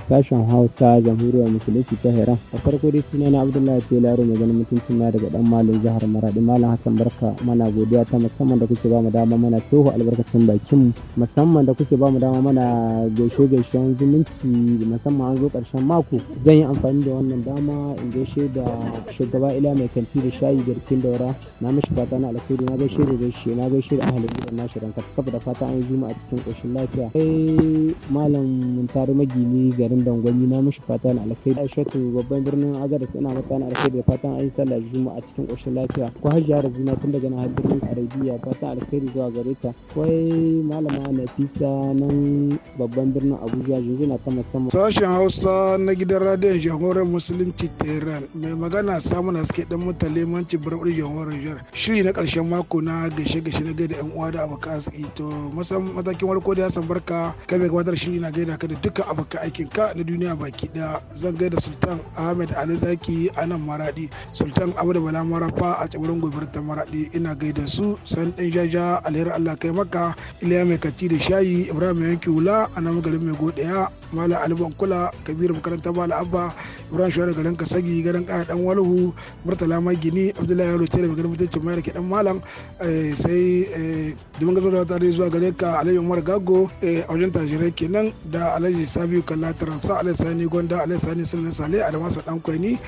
Sashen Hausa Jamhuriyar Musulunci musulunci ta Iran. a farko dai suna na Abdullahi Felaro mai ganin mutuncin na daga dan Malam Jihar Maradi Malam Hassan Barka mana godiya ta musamman da kuke ba mu dama mana toho albarkacin bakin musamman da kuke ba mu dama mana gaishe gaishen zumunci musamman an zo karshen mako zan yi amfani da wannan dama in gaishe da shugaba ila mai kanti da shayi garkin daura na mishi fata na alkhairi na gaishe da gaishe na gaishe da ahalin gidan nashi ranka kafa da fata an yi a cikin koshin lafiya kai malam muntari magini garin dangwani na mishi fata na alkhairi shatu babban birnin agadas suna maka na alkhairi da fatan an yi sallah juma'a cikin ƙoshin lafiya ko hajiya zina tun daga nan birnin arabiya fatan alkhairi zuwa gare ta kwai malama nafisa nan babban birnin abuja jinjina ta musamman. sashen hausa na gidan radiyon jamhuriyar musulunci tehran mai magana samun haske dan mutale manci birnin jamhuriyar jihar shiri na ƙarshen mako na gashe-gashe na gaida yan uwa da abokan arziki to musamman matakin warko da ya san barka kai mai gabatar shiri na gaida ka da dukkan abokan aikin ka na duniya baki daya zan gaida sultan ahmed ali zaki a nan maradi sultan abu bala marafa a tsibirin gobe ta maradi ina gaida su san dan jaja alherin allah kai maka iliya mai kaci da shayi ibrahim yanki wula a nan garin mai godaya mala aliban kula kabiru makaranta bala abba ibrahim shawarar garin kasagi garin kaya dan walhu murtala mai gini abdullahi yaro tele mai garin mutuncin mayar ke dan malam eh, sai eh, domin gazo da tare zuwa gare ka alhaji umar gago eh, a wajen tajirai kenan da alhaji sabiyu kalla sa alhaji sani gonda alhaji sani sun Sani Sale Adamasa Dankwaini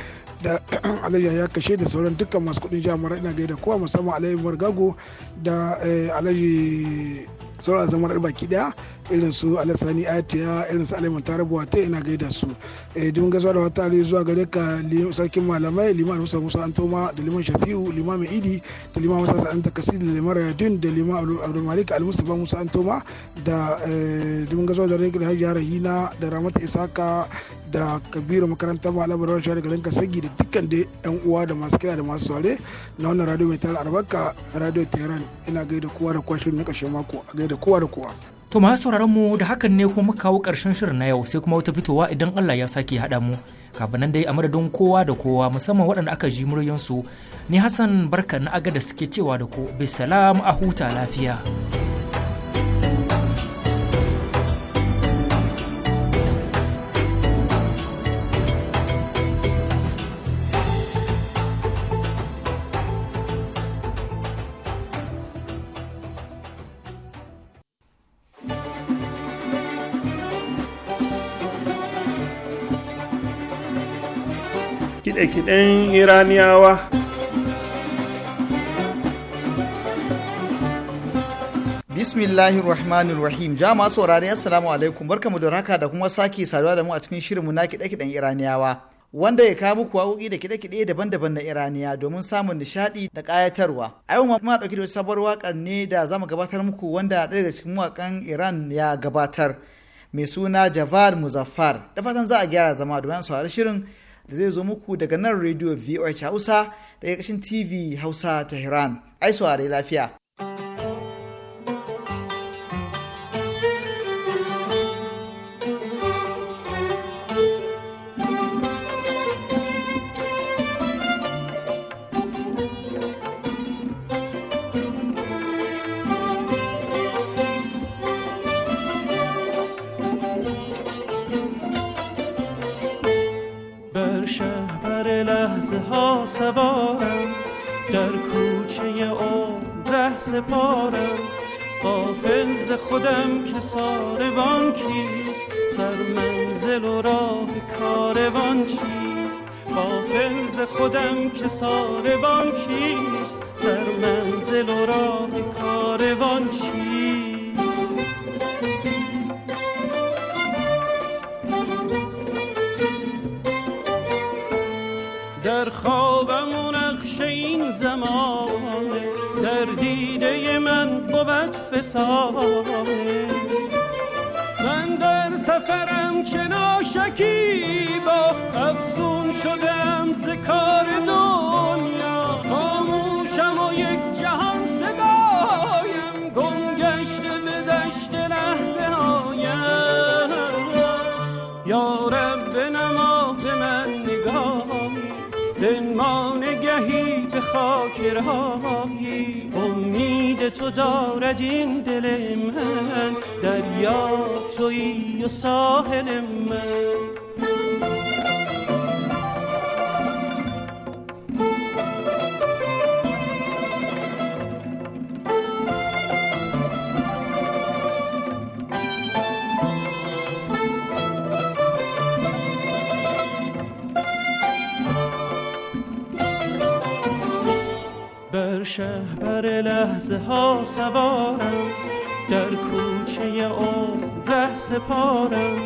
da Alayya ya kashe da sauran dukkan masu kudin jami'ar ina gaida kowa musamman Alayyi Margago da eh, Alayyi sauran zamar baki daya irin su alasani atiya irin su aliman tarabuwa ta ina gaida su eh, dun gaza da wata ali zuwa gare ka sarkin malamai liman musa musa antoma da liman shafi'u liman mai idi da liman musa sa'an kasi da liman rayadun da liman abdulmalik almusufa musa antoma da eh, dun gaza da rege da hajiya rahina da ramata isaka da kabiru Makaranta malamar rawar shari'a garin kasagi da dukkan da yan uwa da masu kira da masu saurare na wannan radio mai tara Arbaka radio tehran ina gaida kowa da kowa shirin na ƙarshen mako a gaida kowa da kowa To masu sauraron mu da hakan ne kuma kawo ƙarshen shirin na yau sai kuma wata fitowa idan Allah ya sake haɗa mu. Kafin nan dai a madadin kowa da kowa musamman waɗanda aka ji muryansu ni Hassan barka na aga da suke cewa da ku bisalam a huta lafiya. kide-kiden iraniyawa bismillahir rahmanir rahim jama'a saurari assalamu alaikum barkamu da raka da kuma sake saduwa da mu a cikin shirinmu na kiɗe-kiɗen iraniyawa wanda ya kawo muku waƙoƙi da kiɗe-kiɗe daban-daban na iraniya domin samun nishaɗi da ƙayatarwa a yau ma ɗauki da sabuwar waƙar ne da za mu gabatar muku wanda ɗaya daga cikin waƙan iran ya gabatar mai suna javad muzaffar da fatan za a gyara zama domin saurari shirin da zai zo muku daga nan rediyo VOH Hausa daga kashin TV Hausa ta Tehran. Ai saurare lafiya. بارم قافل ز خودم که ساروان کیست سر منزل و راه کاروان چیست قافل ز خودم که ساروان کیست سر منزل و راه کاروان چیست در خواب من در سفرم که ناشکی با افسون شدم ز کار دنیا خاموشم و یک خاکرهایی امید تو دارد این دل من دریا توی و ساحل من بر لحظه ها سوارم در کوچه او لحظه پارم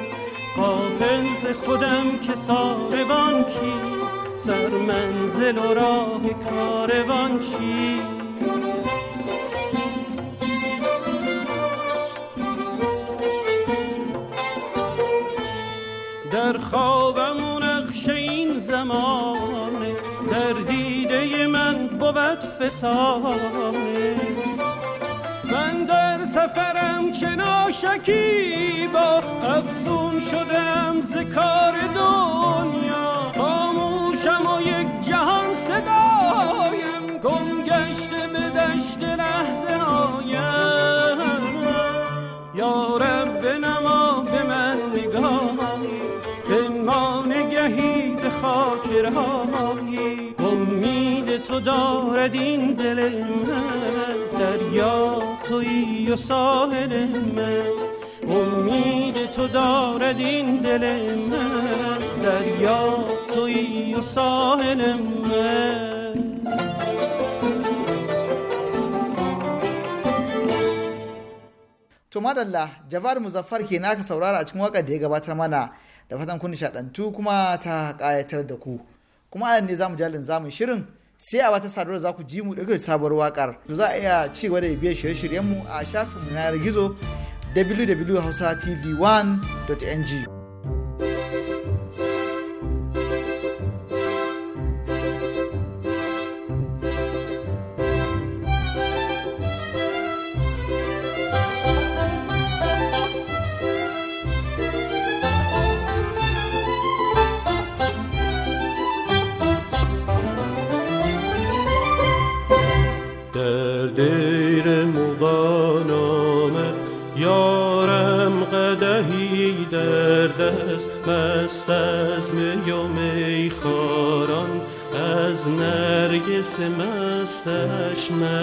قافل ز خودم که ساربان کیست سر منزل و راه کاروان چیست در خواب من در سفرم که ناشکی با افسون شدم ز کار دنیا خاموشم و یک جهان صدایم گم گشته به دشت لحظه آیم یارب به نما به من نگاهی به ما نگهی به خاکرها تو دارد این دل من دریا توی و ساحل من امید تو دارد این دل من دریا توی و ساحل من to madalla jabar muzaffar ke naka saurara a cikin waka da ya gabatar mana da fatan kun nishadantu kuma ta kayatar da ku kuma anan ne zamu jalin zamu shirin sai a wata sadarwar za ku ji mu daga sabuwar wakar to za a iya ci gaba da biyan shirye shiryen mu a shafin yanar gizo wwwhausatv 1ng Englishman.